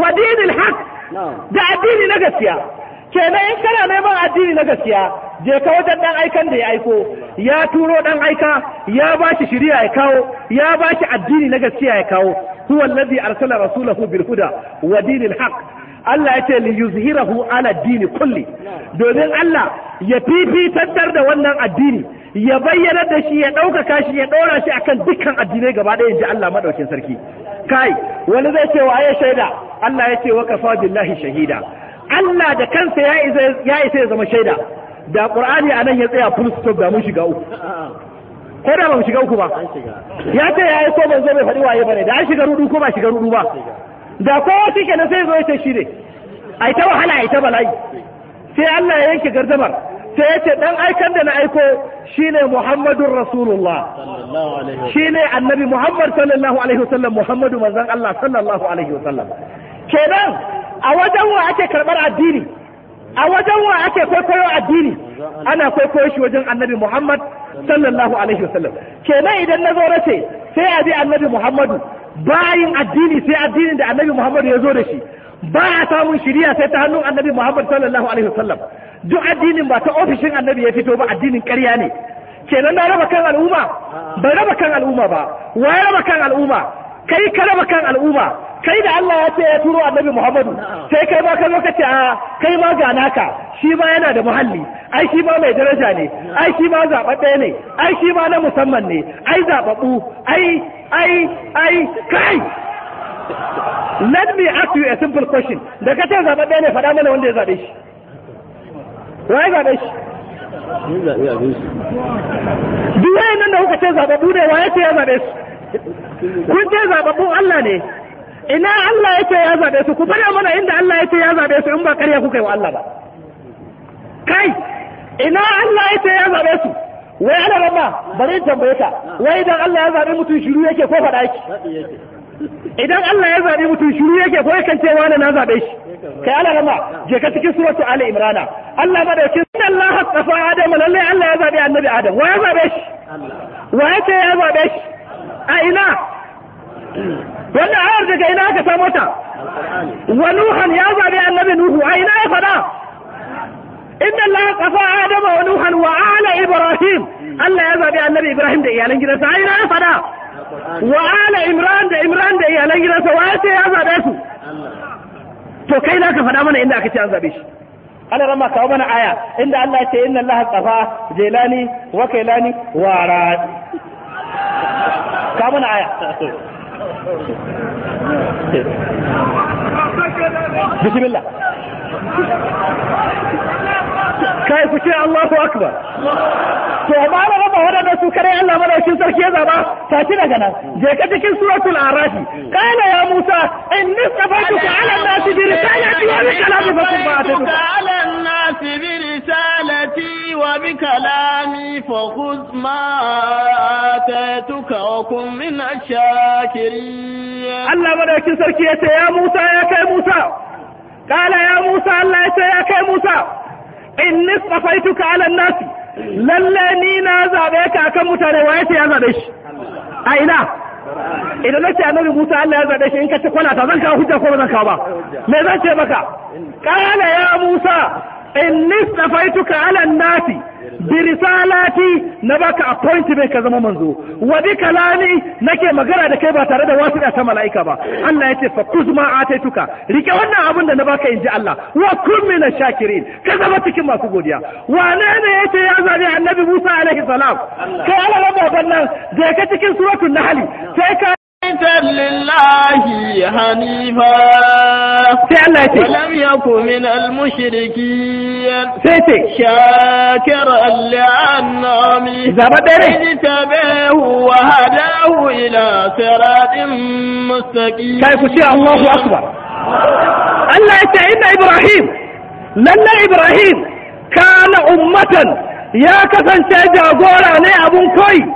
wa dinil haqq da addini na gaskiya kenan in kana neman addini na gaskiya je ka wajen dan aikan da ya aiko ya turo dan aika ya ba shi shiriya ya kawo ya ba shi addini na gaskiya ya kawo huwa allazi arsala rasulahu bil huda wa dinil haqq Allah ya ce li yuzhirahu ala dini kulli domin Allah ya fifitar da wannan addini ya bayyana da shi ya ɗaukaka shi ya ɗora shi akan dukkan addinai gaba ɗaya ji Allah madaukin sarki kai wani zai ce wa ya shaida Allah ya ce wa kafa billahi shahida Allah da kansa ya isa ya isa ya zama shaida da Qur'ani anan ya tsaya full stop da mun shiga uku ko da ba mu shiga uku ba ya ce ya yi so ban zo bai faɗi waye bane da an shiga rudu ko ba shiga rudu ba da kowa shi kenan sai zo ya ce shi ne ai ta wahala ai ta bala'i sai Allah ya yanke gardamar sai ya ce dan aikan da na aiko shine muhammadun Rasulullah shine Annabi Muhammad sallallahu alaihi wasallam Muhammadu manzon Allah sallallahu alaihi wasallam kenan a wajen wa ake karɓar addini a wajen wa ake kwaikwayo addini ana kwaikwayo shi wajen Annabi Muhammad sallallahu alaihi wasallam kenan idan na zo na ce sai a bi Annabi Muhammadu bayin addini sai addinin da annabi Muhammad ya zo da shi ba a samun shiriya sai ta hannun annabi Muhammad sallallahu alaihi wasallam duk addinin ba ta ofishin annabi ya fito ba addinin ƙarya ne kenan na raba kan al'umma bai raba kan al'umma ba wa ya raba kan al'umma kai ka raba kan al'umma kai da Allah ya ce ya turo annabi Muhammadu sai kai ma ka lokaci ka a kai ma ga naka shi ma yana da muhalli ai shi ma mai daraja ne ai shi ma zaɓaɓɓe ne ai shi ma na musamman ne ai zaɓaɓɓu ai ai ai kai let me ask you a simple question da ka ce zaɓaɓɓe ne faɗa mana wanda ya zaɓe shi wai zaɓe shi duk nan da kuka ce zaɓaɓɓu ne wa ya ce ya zaɓe su kun ce zaɓaɓɓun Allah ne ina Allah yake ya zabe su ku faɗa mana inda Allah yake ya zabe su in ba ƙarya ku kai wa Allah ba kai ina Allah yake ya zabe su wai ana ramma bari in tambaye ka wai idan Allah ya zabe mutum shiru yake ko faɗa yake idan Allah ya zabe mutum shiru yake ko yakan ce wani na zabe shi kai ana ramma je ka cikin suratu Ali Imran Allah madaukin inna Allah hasafa Adam lalle Allah ya zabe annabi Adam wa ya zabe shi wa ce ya zabe shi a ina wannan ayar daga ina aka samo ta wa nuhan ya zabe annabi nuhu a ina ya faɗa inna Allah qafa adama wa nuhan wa ala ibrahim Allah ya zabe annabi ibrahim da iyalan gidansa a ina ya faɗa wa ala imran da imran da iyalan gidansa wa sai ya zabe su to kai na ka faɗa mana inda aka ce an zabe shi ana rama kawo mana aya inda Allah ya ce inna Allah qafa jelani wa kailani wa rad kawo mana aya bismillah kai ku ce Allahu akbar to amma na raba wadannan su kare Allah madaukin sarki ya zaba ci daga nan je ka cikin suratul araf kana ya musa inni sabatuka ala an bi risalati wa bi kalami fa kun ba'atuka ala nasi bi risalati wa bi kalami fa khudh ma atatuka wa kun min ash-shakirin Allah madaukin sarki ya ce ya musa ya kai musa ya Musa Allah ya ce 'Ya kai Musa.' inni safaituka ala nasi lalle ni na zabe ka kan mutane wa ce ya zabe shi a ina idan nace annabi Musa Allah ya zabe shi in ka ci kwana ta zan kawo hujja ko ba zan kawo ba me zan ce maka kana ya Musa in nistafaituka ala nasi bi risalati na baka appointment ka zama manzo wa bi kalami nake magana da kai ba tare da wasu ta mala'ika ba Allah yace fa kuzma ataituka rike wannan abin da na baka inji Allah wa kun min shakirin ka zama cikin masu godiya wane ne yace ya zabi annabi Musa alaihi salam kai Allah baban nan da ka cikin suratul nahl sai ka لله حنيفا ولم يكن من المشركين شاكرا لأنعمه اجتباه وهداه إلى صراط مستقيم كيف الله أكبر ألا يتعين إبراهيم لأن إبراهيم كان أمة يا كفن سيجا قولا أبو كوي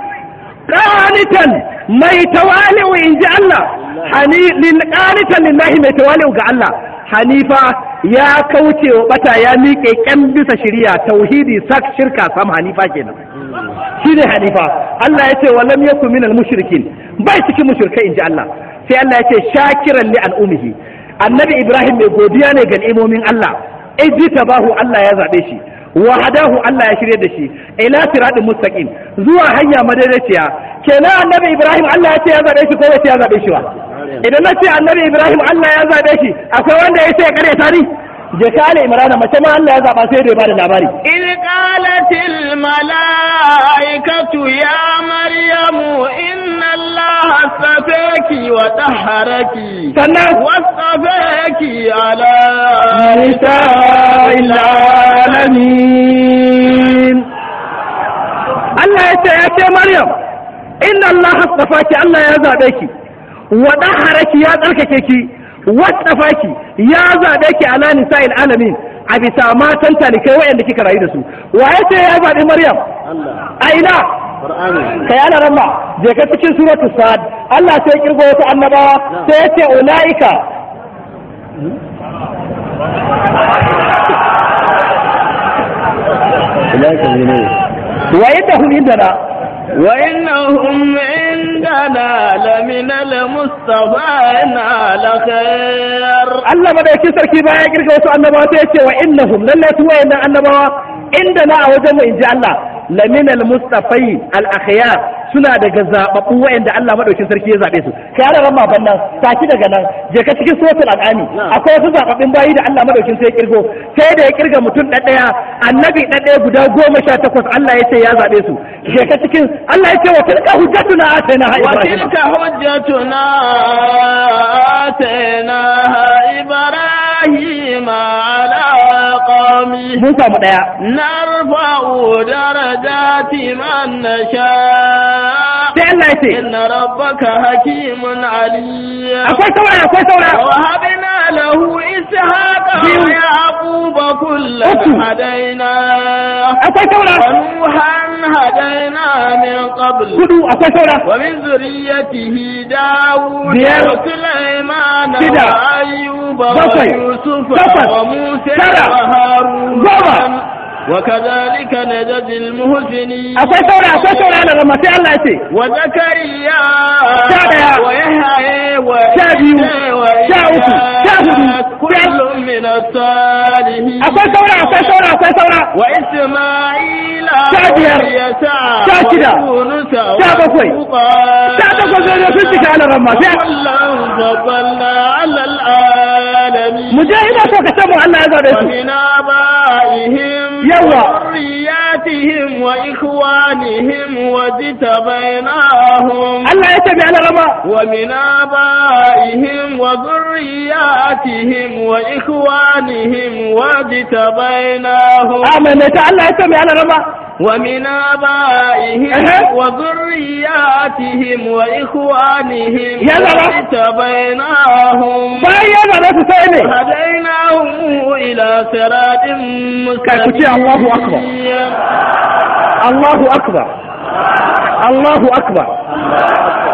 قانتا mai tawali'u in ji Allah qanitan lillahi mai tawali'u ga Allah hanifa ya kauce wa bata ya miƙe ƙyan bisa shirya tauhidi sak shirka sam hanifa kenan shi ne hanifa Allah ya ce wa lam yakun minal mushrikin bai cikin mushrikai inji Allah sai Allah ya ce shakiran li al'umihi annabi Ibrahim mai godiya ne ga imomin Allah ijtabahu Allah ya zabe shi Wahadahu Allah ya shirya da shi ila siratin mustaqim zuwa hanya madaidaiciya kenan annabi ibrahim Allah ya ce ya zabe shi ko ya ce ya zaɓe shi ba idan na ce annabi ibrahim Allah ya zabe shi akwai wanda ya ce ya kare tari je ka ala imran mace ma Allah ya zaba sai da ba bada labari in qalatil malaikatu ya maryamu inna Allah astafaki wa tahharaki sannan wastafaki ala nisa'il alamin Allah ya ce ya ce maryam inna Allah ki Allah ya zabe ki wa haraki ya tsarkake ki ki ya zabe ki ala nisa'il alamin a bisa matan talikai wayanda kika rayu da su wa yace ya zabe Maryam a ina kai ana ramma je ka cikin suratul Sa'ad, Allah sai kirgo wasu annabawa sai yace ulaika ulaika ne wa yadda indana وإنهم عندنا لمن المصطفين على خير الله ما يكي سركي با يكرك وسو أنبوا تيتي وإنهم لله سوى إن أنبوا عندنا وجمع إن جاء الله لمن المصطفين الأخيار suna daga zaɓaɓɓu wa'anda Allah maɗaukin sarki ya zaɓe su kai ana ramma bannan taki daga nan je ka cikin suratul al'ami akwai wasu zaɓaɓɓun bayi da Allah maɗaukin sai kirgo sai da ya kirga mutum ɗaɗɗaya annabi ɗaɗɗaya guda goma sha takwas Allah ya ce ya zaɓe su je ka cikin Allah ya ce wa tilka hujjatuna atayna ha ibrahim wa tilka hujjatuna atayna ha ibrahim ala mun samu daya darajati man nasha sai Allah ya ce inna rabbaka hakimun alim akwai saura akwai saura wa habina lahu ishaqa ya abuba kullan hadaina akwai saura nuhan hadaina min qabl akwai saura wa min wa sulaiman wa ayyuba wa yusuf wa musa wa harun وكذلك نجد المحسنين أسوي سورة أسوي على الله يسي وزكريا ويحيى وإيسى وإياس كل من الصالحين أسوي سورة أسوي سورة أسوي وإسماعيل ويسع ويونس ويوقع على غما سي كلهم فضلنا على العالمين مجاهدة سوكتموا الله يزعل ومن وذرياتهم وإخوانهم واجتبيناهم الله يتبع لغما ومن آبائهم وذرياتهم وإخوانهم واجتبيناهم آمنت الله يتبع لغما ومن آبائهم وذرياتهم وإخوانهم اجتبيناهم وهديناهم إلى صراط مستقيم الله أكبر الله أكبر الله أكبر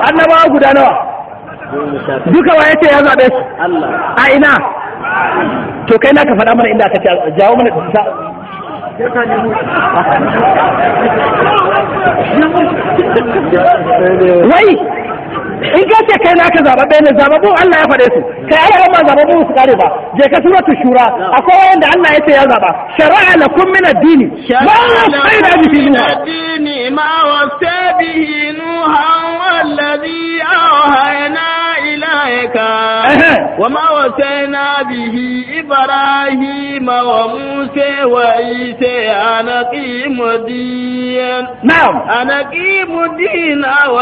أنا ما أقول أنا duka wa يا ya الله su تو ina كفر أمر إلا ka faɗa mana wai in ka ce kai naka zababbe ne zababbu Allah ya faɗe su kai ai ma zababbu su kare ba je ka tura tu shura akwai wanda Allah ya ce ya zaba shar'a lakum min ad-dini ma wasaina bihi nuha ma wasa bihi nuha wallazi awhayna ilayka wa ma wasaina bihi ibrahim wa musa wa isa ana qimudin na'am ana qimudin wa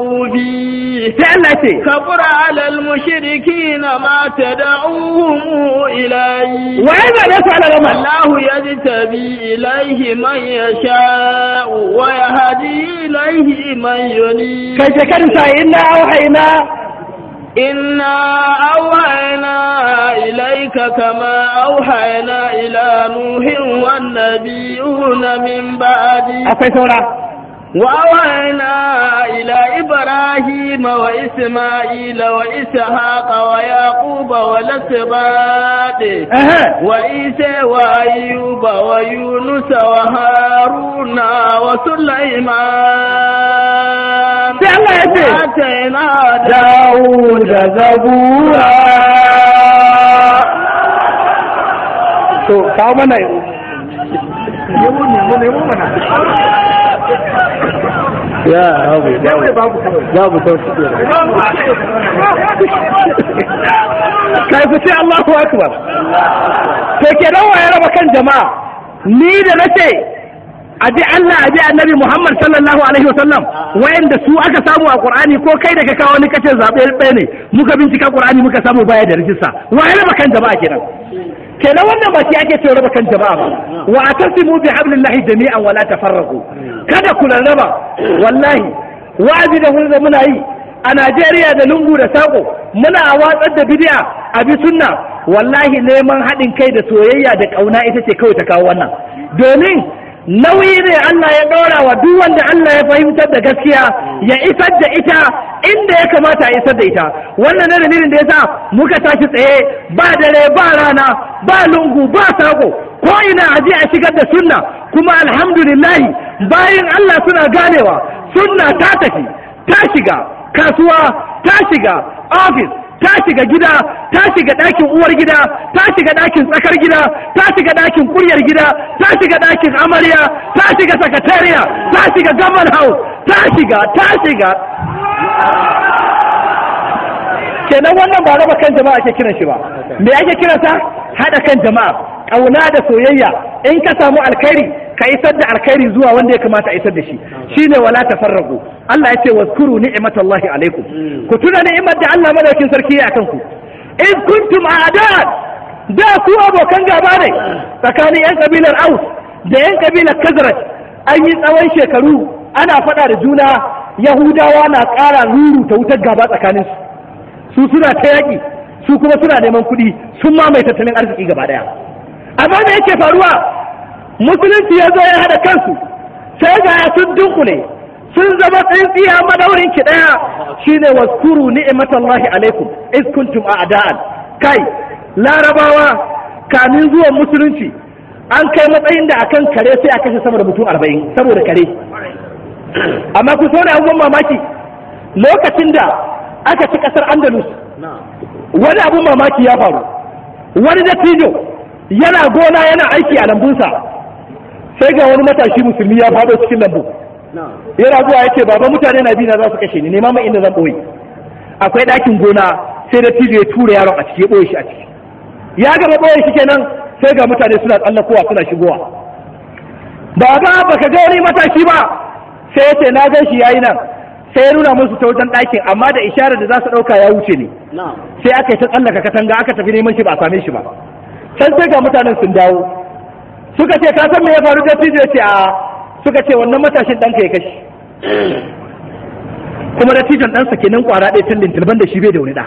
فاعترفوا به فعلتي كبر على المشركين ما تدعوهم إليه وإذا نسأل لما الله يجتبي إليه من يشاء ويهدي إليه من ينيب كشكرت إنا أوحينا إنا أوحينا إليك كما أوحينا إلى نوح والنبيون من بعده وأوهينا إلى إبراهيم وإسماعيل وإسحاق ويعقوب والأسباط وإيسى وأيوب ويونس وهارون وسليمان وآتينا داود زبورا to kawo mana yau ne mu ne mu mana ya abu babu Allahu akbar to kenan raba kan jama'a ni da nace aji Allah aji annabi Muhammad sallallahu alaihi wa sallam, wayanda su aka samu a Qur'ani ko kai daga ka kawo ni kace zabe ne muka bincika Qur'ani muka samu baya da rijista wa ya raba kan jama'a kenan kenan wannan ba ake cewa raba kan jama'a ba wa atasimu bi hablillahi jami'an wala tafarraqu kada ku raba wallahi wa'azi da hulza muna yi a Najeriya da lungu da sako muna watsar da bid'a a bi sunna wallahi neman haɗin kai da soyayya da ƙauna ita ce kawai ta kawo wannan domin nauyi ne Allah ya ɗora wa duk wanda Allah ya fahimtar da gaskiya ya isar da ita inda ya kamata a isar da ita wannan ne dalilin da yasa muka tashi tsaye ba dare ba rana ba lungu ba sako ko ina a je a shigar da sunna kuma lillahi bayan Allah suna ganewa sunna ta tafi ta shiga kasuwa ta shiga ofis ta shiga gida ta shiga ɗakin uwar gida ta shiga ɗakin tsakar gida ta shiga ɗakin kuryar gida ta shiga ɗakin amarya ta shiga sakatariya ta shiga gaman hau ta shiga ta shiga kenan wannan ba raba kan jama'a ake kiran shi ba me ake sa hada kan jama'a kauna da soyayya in ka samu alkhairi ka isar da alkhairi zuwa wanda ya kamata a isar da shi shine wala tafarraqu Allah ya ce wazkuru ni'matallahi alaikum ku tuna ni'imar da Allah madaukin sarki ya akan in kuntum a'dan da ku abokan gaba ne tsakanin yan kabilar aus da yan kabilar kazrat an yi tsawon shekaru ana faɗa da juna yahudawa na ƙara ruru ta wutar gaba tsakaninsu su suna ta yaƙi su kuma suna neman kuɗi sun mamaye tattalin arziki gaba ɗaya amma da yake faruwa musulunci ya zo ya hada kansu sai ga ya sun dunkule sun zama tsintsiya madaurin ki ɗaya shine waskuru ni'matallahi alaikum iz kuntum a'da'an kai larabawa kamin zuwan musulunci an kai matsayin da akan kare sai a kashe sama da mutum arba'in saboda kare amma ku sauna abubuwan mamaki lokacin da aka ci kasar andalus wani abun mamaki ya faru wani dattijo yana gona yana aiki a lambunsa sai ga wani matashi musulmi ya faɗo cikin lambu yana zuwa ya ce baba mutane na bina za su kashe ni nema mai inda zan ɓoye akwai ɗakin gona sai dattijo ya tura yaron a ciki ya ɓoye shi a ciki ya gaba ɓoye shi kenan sai ga mutane suna tsallakowa suna shigowa ba ga baka ga wani matashi ba sai ya ce na gan shi yi nan sai ya nuna musu ta wajen ɗakin amma da isharar da za su ɗauka ya wuce ne sai aka yi ta tsallaka katanga aka tafi neman shi ba a same shi ba can sai ga mutanen sun dawo suka ce ka san me ya faru dattijo ya ce a suka ce wannan matashin ɗanka ya kashi kuma dattijon ɗansa kenan ƙwara ɗaya tun lintilban da shi bai da wani ɗa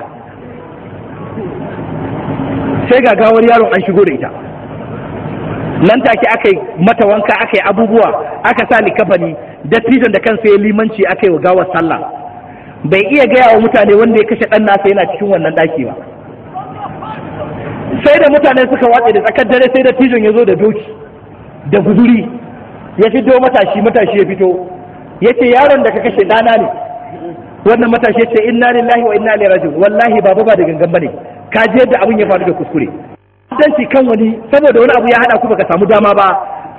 sai ga gawar yaron an shigo da ita nan take aka yi mata wanka aka yi abubuwa aka sa likafani dattijan da kansa ya limanci aka yi wa gawar sallah bai iya gaya wa mutane wanda ya kashe ɗan nasa yana cikin wannan ɗaki ba sai da mutane suka watse da tsakar dare sai dattijan ya zo da doki da guzuri ya fito matashi matashi ya fito ya ce yaron da ka kashe ɗana ne wannan matashi ya ce inna lillahi wa inna ilaihi raji'un wallahi baba ba da gangan bane ka je yadda abin ya faru da kuskure dan shi kan wani saboda wani abu ya haɗa ku baka samu dama ba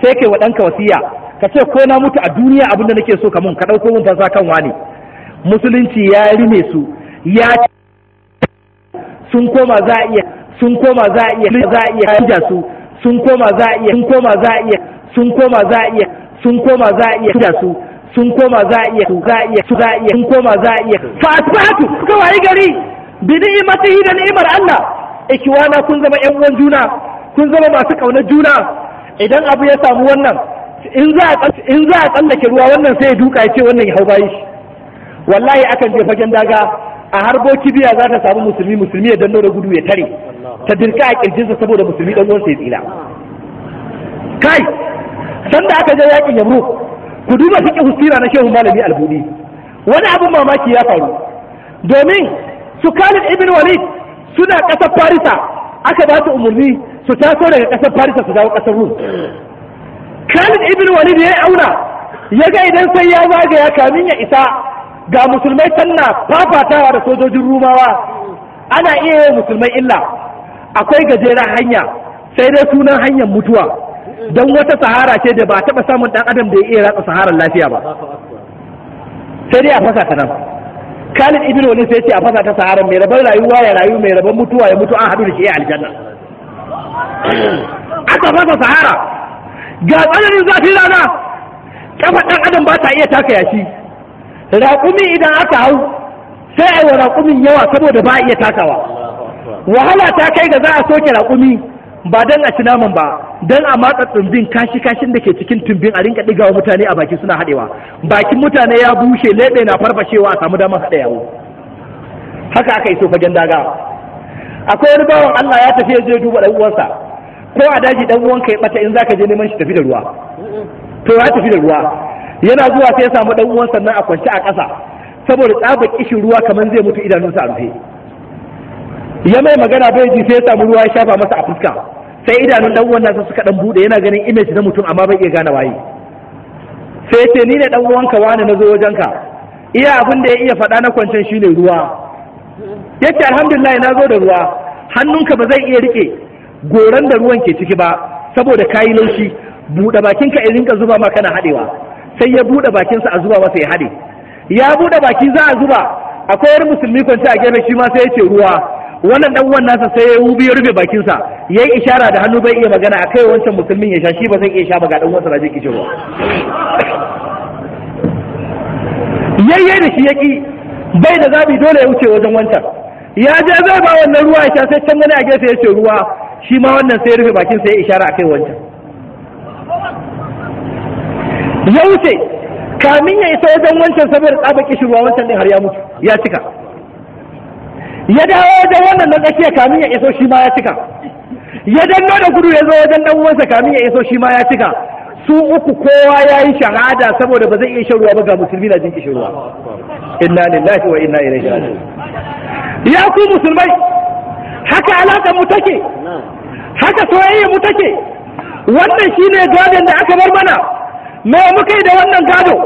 sai kai wa ɗanka wasiya ka ce ko na mutu a duniya abinda na nake so kamun ka ɗauko mun fansa kan wani musulunci ya rime su ya sun koma za iya sun koma za iya za iya su sun koma za iya sun koma za iya sun koma za iya sun koma za iya su sun koma za iya za iya za iya sun koma za a iya fa asbahatu gari bi ni'matihi da ni'mar Allah ikiwana kun zama ƴan uwan juna kun zama masu ƙaunar juna idan abu ya samu wannan in za a tsallake ruwa wannan sai ya duka ya ce wannan ya hau bayi shi wallahi akan je fagen daga a harbo kibiya za ta samu musulmi musulmi ya danno da gudu ya tare ta dirka a kirjinsa saboda musulmi dan uwansa ya tsira kai sanda aka je yakin yamruk ku duba fiki sira na shehu malami albudi wani abin mamaki ya faru domin su Khalid ibin Walid suna kasar Farisa aka ba su umarni su taso daga ƙasar Farisa su dawo kasar Rum Khalid ibn Walid ya auna ya ga idan sai ya zagaya kamin ya isa ga musulmai tana fafatawa da sojojin rumawa ana iya yi musulmai illa akwai gajeren hanya sai dai sunan hanyar mutuwa don wata sahara ce da ba taɓa samun ɗan adam da ya iya ratsa saharar lafiya ba sai dai a fasa ta nan Khalid ibn Walid sai ce a fasa ta saharar mai rabar rayuwa ya rayu mai rabar mutuwa ya mutu an haɗu da shi a aljanna aka fasa sahara ga tsananin zafin rana kafa ɗan adam ba ta iya taka yashi raƙumi idan aka hau sai a yi wa raƙumin yawa saboda ba a iya takawa wahala ta kai da za a soke raƙumi ba don a ci naman ba don a matsa tumbin kashi kashin da ke cikin tumbin a rinka ɗigawa mutane a baki suna haɗewa bakin mutane ya bushe leɓe na farfashewa a samu damar haɗa yawo haka aka yi so fagen daga akwai wani bawan Allah ya tafi ya je duba ɗan uwansa ko a daji dan uwanka ya bata in zaka je neman shi tafi da ruwa to ya tafi da ruwa yana zuwa sai ya samu dan uwan sannan a kwance a ƙasa saboda tsabar kishin ruwa kamar zai mutu idanunsa a rufe ya mai magana bai ji sai ya samu ruwa ya shafa masa a fuska sai idanun dan uwan nasa suka dan bude yana ganin image na mutum amma bai iya gane waye sai ya ce ni ne dan uwanka wani na zo wajenka iya abin da ya iya faɗa na kwancen shine ruwa yace alhamdulillah na zo da ruwa hannunka ba zai iya rike goran da ruwan ke ciki ba saboda kayi laushi buɗe bakin ka irin ka zuba ma kana haɗewa sai ya buɗe bakinsa a zuba masa ya haɗe ya buɗe baki za a zuba akwai wani musulmi kwanci a gefe shi ma sai ya ce ruwa wannan dan uwan nasa sai ya rubi ya rufe bakinsa ya yi ishara da hannu bai iya magana a kai wancan musulmin ya sha shi ba zai iya sha ba ga dan uwansa da jiki cewa yayye da shi yaki bai da zabi dole ya wuce wajen wancan ya je zai ba wannan ruwa ya sha sai can gani a gefe ya ce ruwa shi ma wannan sai rufe bakin sai ya ishara akai wancan ya wuce kamin ya isa wajen wancan saboda tsaba kishirwa wancan din har ya mutu ya cika ya dawo wajen wannan na tsakiya kamin ya iso shi ma ya cika ya danno da gudu ya zo wajen dan uwansa kamin ya iso shi ma ya cika su uku kowa ya yi shahada saboda ba zai iya shan ruwa ba ga musulmi na jin kishirwa. ruwa inna lillahi wa inna ilaihi raji'un ya ku musulmai haka alaƙar mu take haka soyayya mu take wannan shine gadon da aka bar mana me muka yi da wannan gado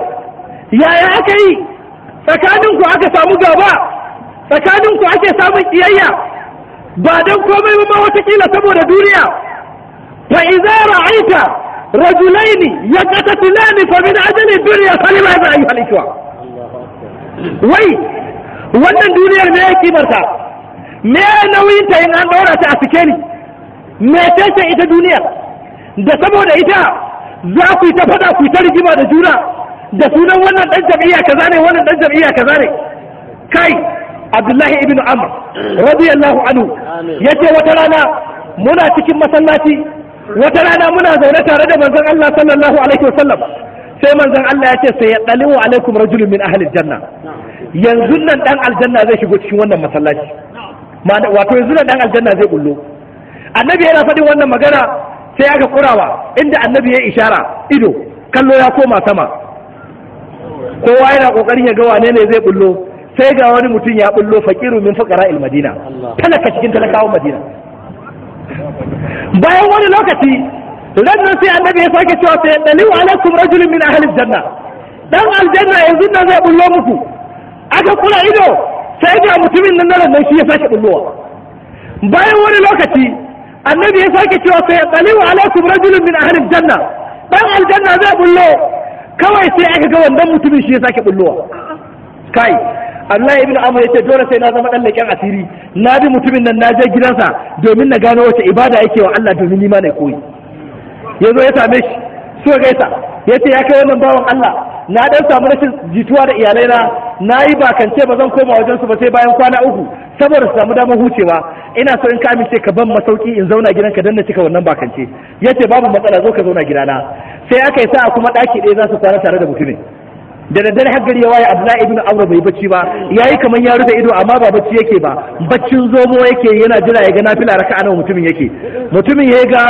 yaya aka yi tsakanin ku aka samu gaba tsakanin ku ake samun kiyayya ba dan komai ba watakila saboda duniya fa idza ra'aita rajulaini yaqatatilan fa min ajli dunya salima ayyuhal wai wannan duniyar ne yake me nauyin ta yin an ɗora ta a sikeli me ce ita duniya da saboda ita za ku yi ta fada ku yi ta rigima da juna da sunan wannan dan jam'iyya kaza ne wannan dan jam'iyya kaza ne kai abdullahi ibn amr radiyallahu anhu yace wata rana muna cikin masallaci wata rana muna zaune tare da manzon Allah sallallahu alaihi wasallam sai manzon Allah ya ce sai ya alaikum rajulun min ahli janna yanzu nan dan aljanna zai shigo cikin wannan masallaci wato yanzu da dan aljanna zai bullo annabi yana faɗin wannan magana sai aka kurawa inda annabi ya ishara ido kallo ya koma sama kowa yana kokarin ya ga wane ne zai bullo sai ga wani mutum ya bullo fakiru min fuqara al madina talaka cikin talakawan madina bayan wani lokaci nan sai annabi ya sake cewa sai dalilu alaikum rajulun min ahli janna dan aljanna yanzu nan zai bullo muku aka kula ido sai ga mutumin nan nan nan shi ya sake bulluwa, bayan wani lokaci annabi ya sake cewa sai qaliwa alaikum rajulun min ahli janna dan aljanna zai bullo kawai sai aka ga wannan mutumin shi ya sake bullowa kai Allah ibn Amr yace dole sai na zama dan leken asiri na bi mutumin nan na je gidansa domin na gano wace ibada yake wa Allah domin ni koyi yazo ya same shi so gaisa yace ya kai wannan bawan Allah na dan samu rashin jituwa da iyalaina na yi bakance ba zan koma wajensu ba sai bayan kwana uku saboda su samu damar hucewa ina so in ka amince ka ban masauki in zauna gidan ka danna cika wannan bakance yace babu matsala zo ka zauna na sai aka yi sa kuma daki ɗaya za su kwana tare da mutumin da daddare har gari ya waye Abdullahi ibn Amr bai bacci ba ya yi kaman ya rufe ido amma ba bacci yake ba baccin zomo yake yana jira ya ga nafila raka'a nawa mutumin yake mutumin ya ga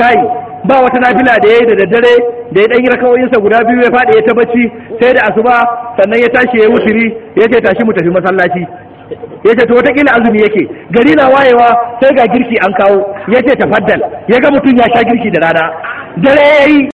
kai ba wata nafila da ya yi da daddare da ya dan yi sa guda biyu ya faɗi ya ta bacci sai da asuba sannan ya tashi ya yi musiri, ya ce tashi mu tafi masallaci ya ce to watakila azumi yake gari na wayewa sai ga girki an kawo ya ce tafaddal ya ga mutum ya sha girki da rana dare ya